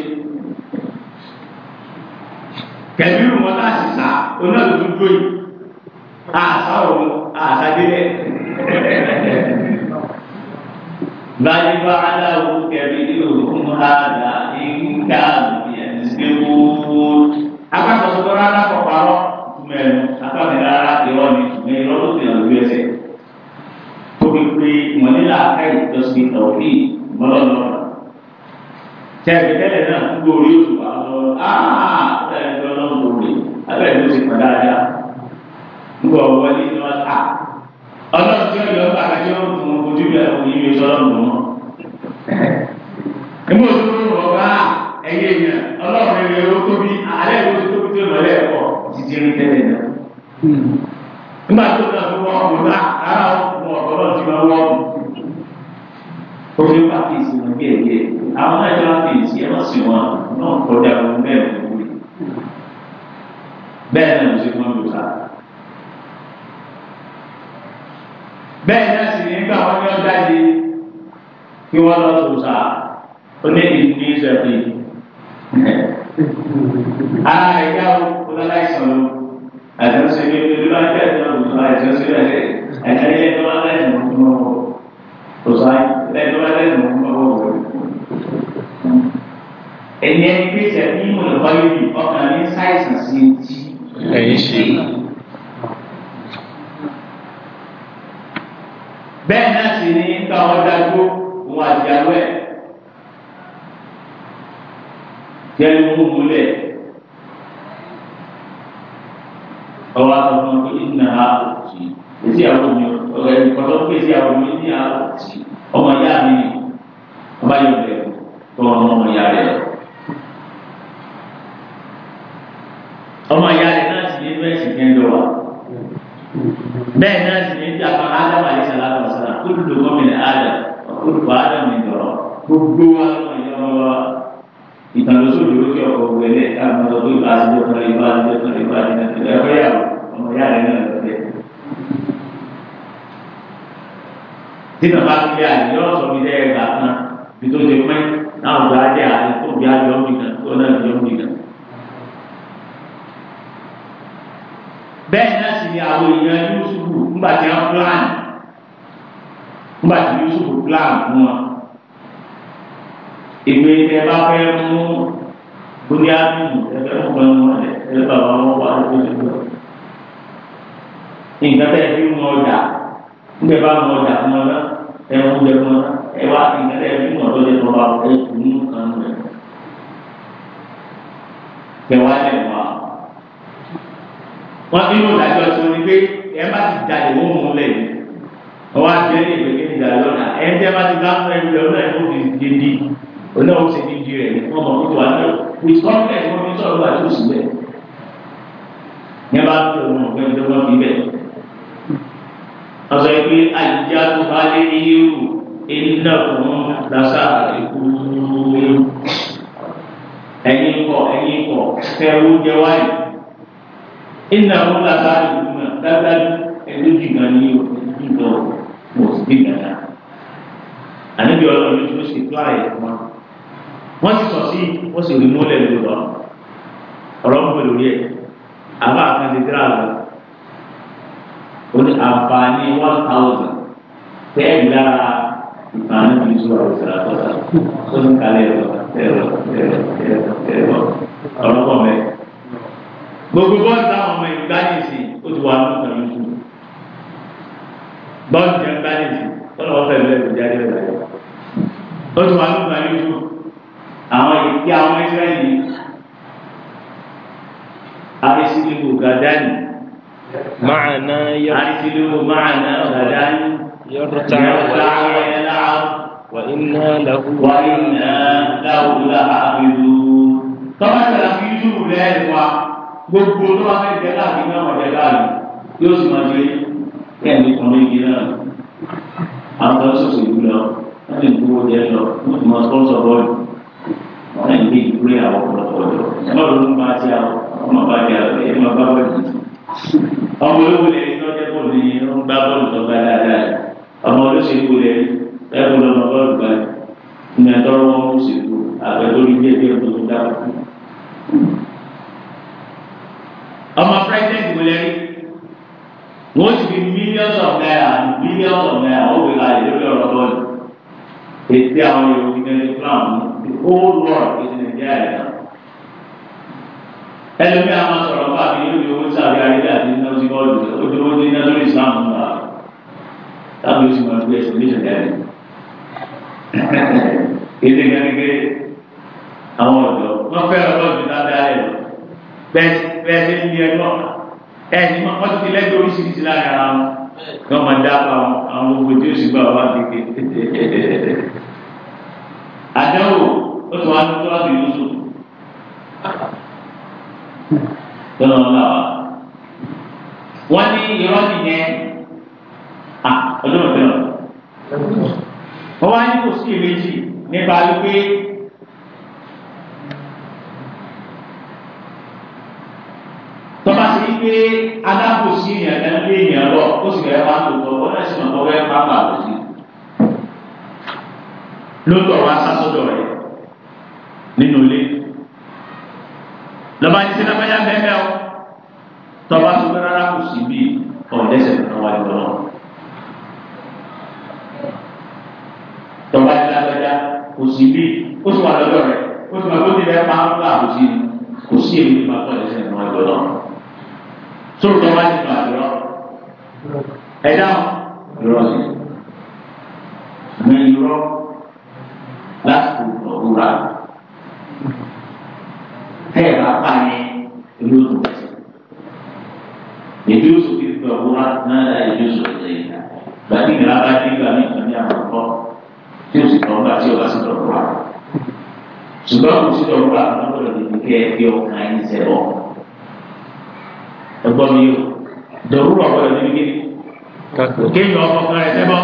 kẹbí ọmọ náà sì sá onáàbí tó dóyè àṣà òun àtàdélẹ̀. Báyìí bá aláwo kẹ̀mí ní òkun àdá ìgbà ìyẹ̀nsẹ̀wò. Akpàtọ̀ sọ̀rọ̀ alákọ̀ parọ́ túmọ̀ ẹ̀rọ akpàmìlá irọ́ ni ṣùgbọ́n irọ́ ló ti hàn lórí ẹsẹ̀. Tóbi pé wọ́n nílò àká ìjọsìn tọ̀wé mọ́lọ́lọ́rọ̀. Tẹ̀gbẹ́ tẹ́lẹ̀ náà kúgbó "Ah! Ẹ̀ẹ́dọ́lọ́run lórí, abẹ́rẹ́ ló ti pàdé nígbà wọlé ní wọn ta ọlọ́run tí wọ́n yọ ọ́ bàtà kí wọ́n fún un kojú bí àwọn yìí yóò sọ́dọ̀ mọ́ wọn. ẹ̀mú òṣèlú rọ̀ bá ẹ̀yẹ yẹn ọlọ́run rẹ̀ yóò tóbi alẹ́ yóò tóbi tó lọ́lẹ́ ẹ̀kọ́ títí rí tẹ́lẹ̀ náà. nígbà tó náà fún wọn kò bá ara wọn ọ̀tọ̀lọ́ ti máa wọ́n mu. ó ní bá fèsì wọn bí ẹ̀yẹ àwọn náà jọ fèsì ẹ̀ wọ́n sì wọn náà kọjá wọn bẹ́ẹ̀ bẹ́ẹ̀ náà ló ṣe fún mi bẹ́ẹ̀ náà sì nígbà wọn ní ọjà yìí kí wọ́n lọ sòsà ó ní ìlú ní ìṣẹ̀lẹ̀ ara ìyá o láláìsàn ló àjọṣe ní ìlú bá jẹ́ ìjọba àjọṣe rẹ̀ ẹ̀jẹ̀ ilé tó bá lẹ́yìn mọ́ fún ọ̀rọ̀ sòsà ilé tó bá lẹ́yìn mọ́ fún ọ̀rọ̀ ẹ̀yẹ ìgbésẹ̀ ní ìmọ̀lẹ́kọ́ yìí ọkàn ní sáìsàn bẹ́ẹ̀ náà sì ní táwọn dájú òun àti àlọ́ ẹ̀ tẹ́lẹ̀ mú múlẹ̀ ọwọ́ àtọ̀tún pé ìdùnnà á òtì èsì àwọn omi ọ̀rẹ́ ìkọ̀tọ̀ pé èsì àwọn omi ní á òtì ọmọ ìyá mi ni ọba yóò bẹ̀ tó ọmọ ìyá rẹ̀ lọ. ọmọ ìyá rẹ̀ náà sì ní bẹ́ẹ̀ sì wa bẹ́ẹ̀ náà sì ní ìjà kan ádámù àyíṣàlá lọ́sọ̀rọ̀ kúlùdò gómìnà ádámù ọ̀kúlùkọ̀ ádámù ìdọ̀rọ̀ gbogbo àwọn ìyọ̀rọ̀ ìtàlóṣòdì ó kí ọkọ̀ òwe lé káàmù lọ bí ìbá àdúgbò kan ìbá àdúgbò kan ìbá àdúgbò kan ẹ̀fọ́ yà ọmọ yà rẹ̀ náà lọ́dẹ. títà bá ti yà yọ sọ mi dẹ́ ẹgbàá kan bí tó ṣe pẹ́ náà ọ̀gá ajé ni àwọn èèyàn Yúsùfù nígbà tí wọ́n plan nígbà tí Yúsùfù plan fún wọn. èmi ẹ bá fẹ́ mú bóníàbíyù ẹgbẹ́ ọ̀pọ̀ ẹ̀wọ̀n rẹ̀ ẹgbẹ́ bàbá wọn wà lóko ìṣòro. nǹkan tẹ̀ fi mú ọjà nígbà bá mú ọjà fún ọ náà ẹ̀wọ̀n jẹ fún ọ náà ẹ̀wọ̀n àti nǹkan tẹ̀ fi mú ọjọ́ jẹ fún ọ bá ẹ̀kú nínú kan rẹ̀. kẹwàá wọn nínú ìdájọ́ tí wọn ní pé ẹ má ti da ìwọ mú lẹ yìí wọn wá jẹ ní ìgbẹ́kẹ̀ ní ìdájọ́ náà ẹ ń tẹ́ bá ti bá fún ẹbí rẹ ọ̀nà ìfún mi ti di ọ̀nà ó ti di di rẹ wọn mọ̀ nípa náà with confidence wọn fi sọ̀rọ̀ àti oṣù bẹ́ẹ̀ ní bá tó wọn ọ̀gbẹ́ ní wọn fi bẹ́ẹ̀ ọ̀sẹ̀ pé àyíjá tó bá lé ní irú iná kùn lásà ìkú ẹ̀yìn kọ̀ ẹ̀yìn kọ̀ kẹ́rù jẹ wáyé ìnà wọn làbá ìgbìmọ̀ dáadáa ẹgbẹ́ jìgbà ní ìgbà mọ̀ sí gbàdá. ànábi ọlọ́run ló ti ó ṣètò ààyè wọn. wọ́n ti sọ sí wọ́n sì rí mọ́lẹ̀ lọ́wọ́ ọ̀rọ̀ ń bọ̀ lórí ẹ̀ àbá àkàndé dírà lọ. ó àǹfààní one thousand tẹ́ẹ̀lì lára ìfààní bíi sọ̀rọ̀ ìṣẹ̀lẹ̀ àtọ́ta ó ní kálẹ̀ ẹ̀rọ ẹ̀rọ ẹ̀rọ ẹ̀rọ ọ̀rọ̀ pọ̀ mẹ́rin gbogbo bọ́ọ̀lù táwọn ọmọ ìgbà yìí sí ó ti wà ní ọ̀sán yìí fún bọ́ọ̀lù jẹ́ gbá yìí sí tọ́lọ̀ wọ́n fẹ́ẹ́ lẹ́nu jáde rẹ̀ láyọ̀ ó ti wà ní ọ̀sán yìí fún àwọn ìpí àwọn Ísírẹ́lì àrísílẹ̀ gàdáni màánà yẹ àrísílẹ̀ màánà gàdáni yọrọta wàlá wà iná lahu wà iná lahu làbìlú tọ́lá tẹ̀lé fi yúdùrù gbogbo tó bá fẹ́ jẹ láàbí náà wọ́n jẹ láàbí yóò sì máa jẹ kẹ́hìndé kan lóye náà àwọn tó ń sọ̀sọ̀ ìlú lọ wọ́n lè gbowó jẹ lọ wọ́n ti máa sponsor bọ́ọ̀lù wọ́n lè gbé ìdúró àwọn ọ̀pọ̀lọpọ̀ lọ bọ́ọ̀lù ló ń bá ti àwọn ọmọ bá ti àwọn ẹ̀ máa bá bọ́ọ̀lù ọmọ olówó ní ọjọ́ bọ́ọ̀lù ni ó ń gbá bọ́ọ̀lù tó gbá dáadáa ọmọ olóṣèlú lè ẹ̀rù lọ́mọ bọ́ọ̀lù gbá ní ẹ̀dọ́rọ̀ wọn ó sì ọmọ president wọlé rí wọ́n sì fi millions of naira millions of naira ó gbé kalẹ̀ lórí ọ̀rọ̀ bọ́ọ̀lù èsì àwọn Yorùbá ní ẹni plan the whole world is Nigeria ẹ̀ka ẹlòmíì àwọn sọ̀rọ̀ bá mi lórí owó sábì àríyá àti iná sí bọ́ọ̀lù ojúmọ́ ní iná lórí Islam nà tábìlì ó sì máa gbé ẹsẹ̀ méjì jáde èdè gẹ́gẹ́ àwọn ọ̀dọ́ wọ́n fẹ́ràn lọ́ọ̀dù dáadáa ẹ̀ lọ bẹ́ẹ̀sì ń lé ẹjọ́ ẹ̀sìn máa wọ́n ti lẹ́jọ́ oríṣiríṣi láàrin ara wọn ní wọ́n máa dábàá àwọn gbogbo tí ó sì gbà wá kéke. àdéhùn ó tún wá lójú àbí lóṣù tó lọ ńlá wa. wọ́n ní irọ́ nìyẹn ọdún ọ̀dọ́ wọ́n wá ní kò sí èméjì nípa wípé. wípé alábòsí yẹn ẹ̀ ń lé yẹn lọ ó sì fẹ́ wá tó tọ́ wọ́n ẹ̀sìn ọ̀tọ́ fẹ́ bá bà lọ sí. lóòótọ́ wa sásọ́dọ̀ rẹ̀ nínú ilé lọ́ba ní sinamaya bẹ́ẹ̀ o tọ́ba tó fẹ́ rárá kò sí bí ọ̀dẹ́sẹ̀ tó wà lọ́wọ́ tọ́ba ní lágbájá kò sí bí ó sì wà lọ́dọ̀ rẹ̀ ó sì wà lóde rẹ̀ máa ń gbà kò sí kò sí èmi ní ma tọ́ ẹ̀sẹ̀ tó wà lọ́wọ́ tó o tọ́ bá ti gbà lọ ẹ dáhùn lọ sí mi lọ láti òwúrọ̀ àná tẹ́ ẹ bá pa ní ìlú òtún èdè oṣù kìí gbà wúrà náà dá èdè oṣù kìí lẹ́yìn náà gbàdí ìlà bá dé gbà mí kàn ní àkọ́kọ́ tí o sì tọ́ ọba tí o bá sì tọ́ ọba ṣùgbọ́n o sì tọ́ ọba àkọ́kọ́ lọ́dọ̀ ní kẹ́ ẹ bí ọkàn gbọ́ mi o dọ̀rú ọ̀gbọ́dọ̀ níbi kí kéèyàn ọkọ̀ rẹ̀ sẹ́bọ̀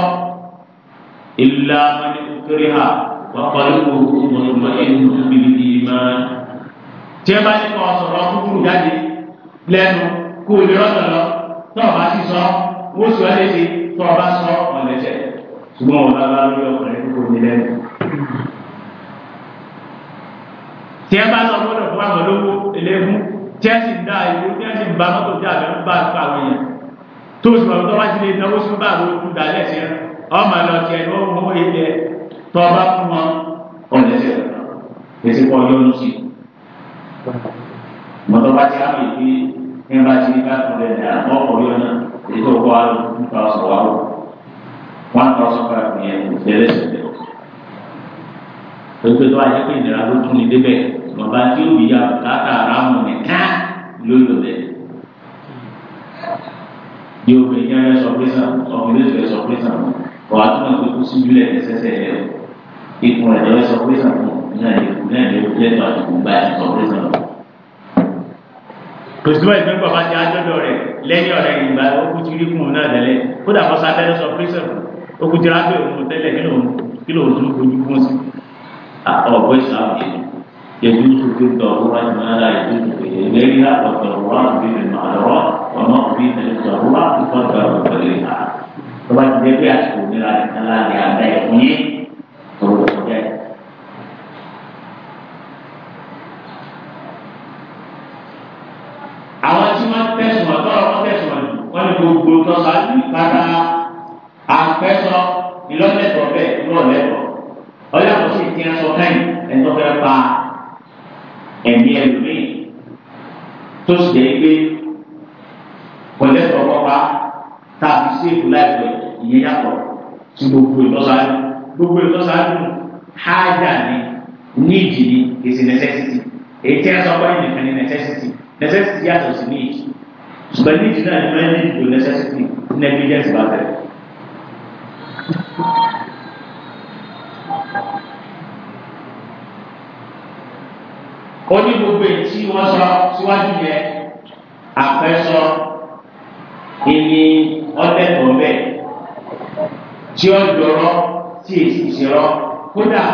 ìlà mọ́ni kéré ha wàá mọ̀lúmọ̀ ẹnu bìbìbì máa. tí ẹ bá ní kọ́ sọ̀rọ̀ kúkúrú jáde lẹ́nu kó o lè rọ́tọ̀ lọ tó o bá sì sọ wọ́n sọ ẹ́ lè tó sọ ọ̀lẹ́sẹ̀ ṣùgbọ́n wọn bá lórí ọkùnrin kúkúrú ní lẹ́nu tí bá sọ gbọ́dọ̀ fún àwọn olówó tí a sì ń da ìlú tí a sì ń ba mọ́tò tí a bẹ̀ ń bá pa àwọn èèyàn tó o sì wà lọ́wọ́ sí lè náwó sí bá àwọn ojú dalẹ̀ sí ẹ ọmọ ẹ lọ tiẹ̀ lọ́wọ́ mọ́ ilé ẹ tọ́ ọ bá fún wọn ọ̀lẹ́sẹ̀ èsì pọ̀ yọnu sí i mọ́tò bá ti hàmì pé ẹ bá ti ká tó lẹ̀ dà ọ́ kọ̀ yọ náà èyí tó kọ́ àlọ́ two thousand wà ó one thousand five yẹn lẹ́lẹ́sẹ̀ lẹ́wọ̀ yẹ pé bàbá tí ó bìyà bùkátà ara mọ̀ nìkan lóyò dẹ̀. bí obìnrin yẹn fẹ́ sọ pé sàn ọkùnrin fẹ́ sọ pé sàn ọ̀ àtúnà tó kú sí bílẹ̀ ní sẹ́sẹ̀ rẹ̀ o ikùn rẹ̀ lọ́wọ́ sọ pé sàn fún náà lè kú náà lè kú lẹ́tọ̀ àtùkù gba ẹ̀ sọ pé sàn. kò sí wáyé pẹ́ńpọ̀ ti ájọ́dọ̀ rẹ̀ lẹ́yìn ọ̀rẹ́ ìgbà ó kú ti rí kùn náà tẹ́lẹ̀ kódà fọ́sá tẹ́lẹ̀ sọ pé sàn ó kú يجوز في الضرورة ما لا يجوز في إليها والضرورات بين المعذورات ومقضي الضرورات يقدر إليها. طبعا دي في أسكو من الكلام يعني يكون àwọn tí wọ́n tẹ̀sùn ọ̀tọ̀ wọ́n tẹ̀sùn ọ̀dù wọ́n ni gbogbo tọ́sàájú ìpátá àfẹ́sọ ìlọ́lẹ́tọ̀ bẹ́ẹ̀ ìlọ́lẹ́tọ̀ ọlọ́pàá sì ti ń sọ káyìn ẹ̀ńtọ́ fẹ́ pa ẹ̀mí ẹlòmíì tó sì jẹ́ pé pẹ̀lẹ́tọ̀ kọ́pa tàbí séèkù láìpẹ́ ìyẹn yàtọ̀ tí gbogbo ìtọ́sáájú gbogbo ìtọ́sáájú hájà ni níìdì ni is a necessity èyí tí a sọ pé nìkan ni necessity necessity yàtọ̀ sí níìdì ṣùgbọ́n níìdì náà ni wọ́n ní ìdìbò necessity ní negligence bá bẹ̀rẹ̀. ó ní gbogbo ètí wọn sọ síwájú yẹn àfẹsọ ìní ọlẹ́tọ̀ọ́ bẹ́ẹ̀ tí ó jọrọ tí èsì ìṣẹ̀rọ kódà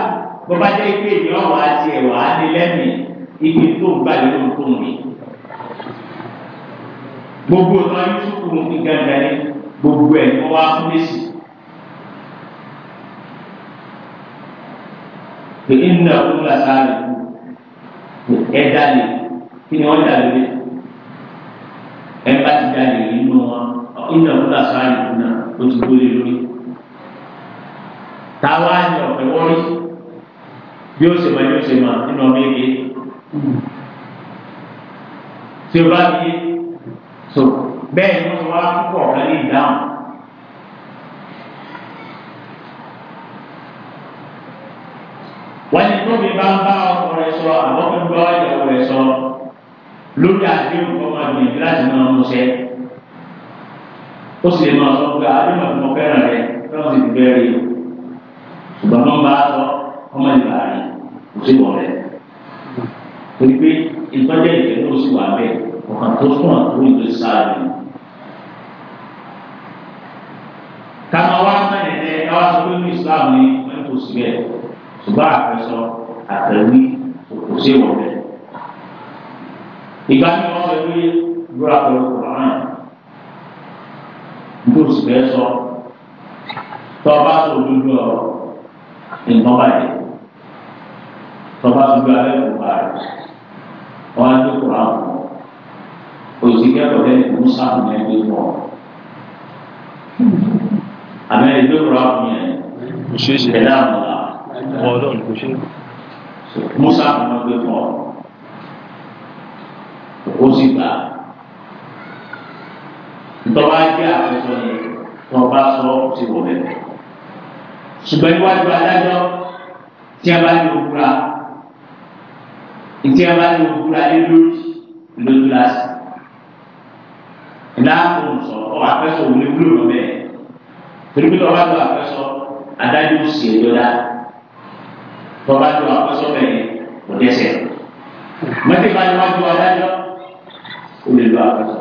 bó bá jẹ́ pé èmi ọ̀wá àti ẹ̀wà á ní lẹ́mìí ibi tó ń gbà nínú tó ń mi. gbogbo ọ̀nà yusufu ní gàgà ni gbogbo ẹ̀ ló wá fún èsì. pé ìnáwó làtàrí kú ẹ̀dá lè kí ni wọ́n dà lórí ẹ̀ bá ti dà lè nínú wọn ìdàkúdà sáà yìí náà ó ti gbólé lórí táwa ni ọ̀fẹ́ wọ́rí bí ó ṣe máa yóò ṣe máa nínú ọmọ èké tí o bá ti so bẹ́ẹ̀ ni wọ́n wá púpọ̀ kan ìdáhùn. wọ́n ní tóbi bá ń bá ọkọ rẹ sọ àbọ̀kùn bá ìyàwó rẹ sọ lórí àdéhùn ọmọbìnrin láti máa mú sẹ́ ó sì lè máa sọ pé àdéhùn ọmọ fẹ́ràn rẹ fẹ́ràn sì ti bẹ́ẹ̀rẹ̀ ṣùgbọ́n wọ́n bá sọ ọmọ ìgbà rẹ kò sí wọ̀ rẹ torí pé ìtọ́jú ìfẹ́ ló sì wà bẹ́ẹ̀ ọ̀kan tó sún àtúrò ìlú sáàlì. káwọn wá sẹ́yìn ẹ̀ káwọn sọ pé ní Islam ni wọ́n kò sí bẹ́ẹ̀ ṣùgbọ́n àfẹsọ àtẹwí kò sí wọn bẹ́ẹ̀. ìgbà tí wọ́n fẹ́ wí búra pẹ̀lú kùránà nítorí oṣù bẹ́ẹ̀ sọ tọ́ bá tó dúdú ọ̀rọ̀ nǹkan báyìí tọ́ bá tó dúdú alẹ́ kò báyìí wọ́n á dé kùránà òsì kẹ́kọ̀ọ́ lẹ́yìn tó ń ẹgbẹ́ pọ̀ àmẹ́rin tó kùránà yẹn ẹ̀dá àmọ́lá wọ ọlọ́run kò ṣe. Musa ọmọ gbé fún ọ ó sì gbà ntọ́ba jẹ́ àkóso ni tọ́ba sọ ti wọ̀ bẹ́ẹ̀. ṣùgbọ́n iwájú adájọ́ tí a bá ní òwúra tí a bá ní òwúra lé lórí lójú lásì. ìdá kò sọ ọ àfẹsọ òun ní wúlò lọ bẹ́ẹ̀ torí pé tọba ju apa bẹyẹ kò dẹsẹ Mesti bá yẹ wá ju adájọ o lè lu akọsọ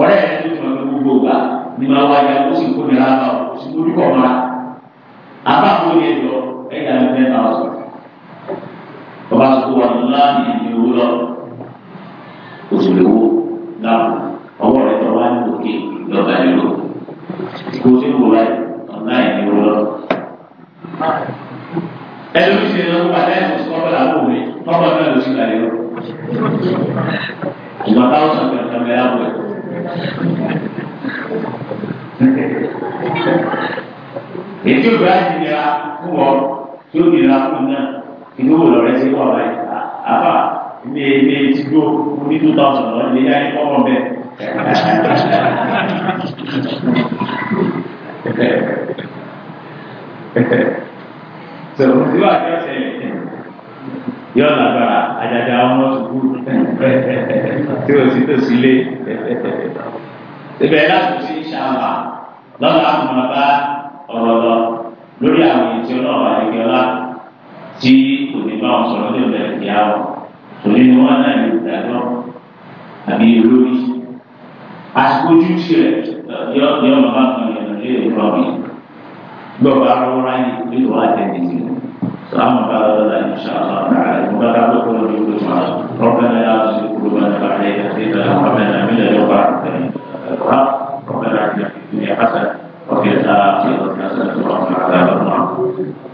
ọ̀rẹ́ yẹn tó tún ọdún gbogbo gbà ní ma wá yẹ kó sì kó nira bá o kó sì kó dúkọ mọra àbá kó yẹ lọ ẹ̀yà ló fẹ́ náà sọ tọba sọ wà lọ́la ní ìlú owó lọ oṣù lè wo dáhùn ọwọ́ rẹ tọ́wá ẹlòmí ti lè wọ́n padà ẹ̀kọ́ sọ́kọ́ làwọn òwe tọ́kọ́ náà ló ti gbàlè wọn. ìgbà táwọn sọ pẹ̀lú ọ̀gá yà wọ̀ ètò ìgbà ti nira fún wọn tí ó nira fún náà ìlú wò lọ́rẹ́ sí wà báyìí àbá mi mi ti gbó mo ní two thousand lọ ní yáyí kọ́mọ̀ bẹ́ẹ̀. Hehehe ìwà àti ọ̀sẹ̀ yọ lágbára àjàjà ọmọ sùkúrù tí o sì tó sílé ibẹ̀ láti ṣe ìṣàmà lọ́la àmọ́ bá ọ̀rọ̀ lọ lórí àwọn èyí tí ọlọ́wà ẹgbẹ́ ọlá tí kò ní bá wọn sọ̀rọ̀ ní ọ̀dà ìdí àwọ̀ torí ni wọ́n náà yóò dájọ́ àbí olórí àsìkò ojúṣe rẹ̀ yọ ọmọ bá kan yẹn lórí ìrọ̀rùn gbọ̀gbà rọra yìí lórí wàá tẹ̀lé ìgbìmọ̀. سلام على الله إن شاء الله تعالى وبارك لكم في ربنا يا رسول قلوبنا بعد إذ هديتنا ربنا من اليوم ربنا آتنا في الدنيا حسنة وفي الآخرة حسنة وقنا عذاب النار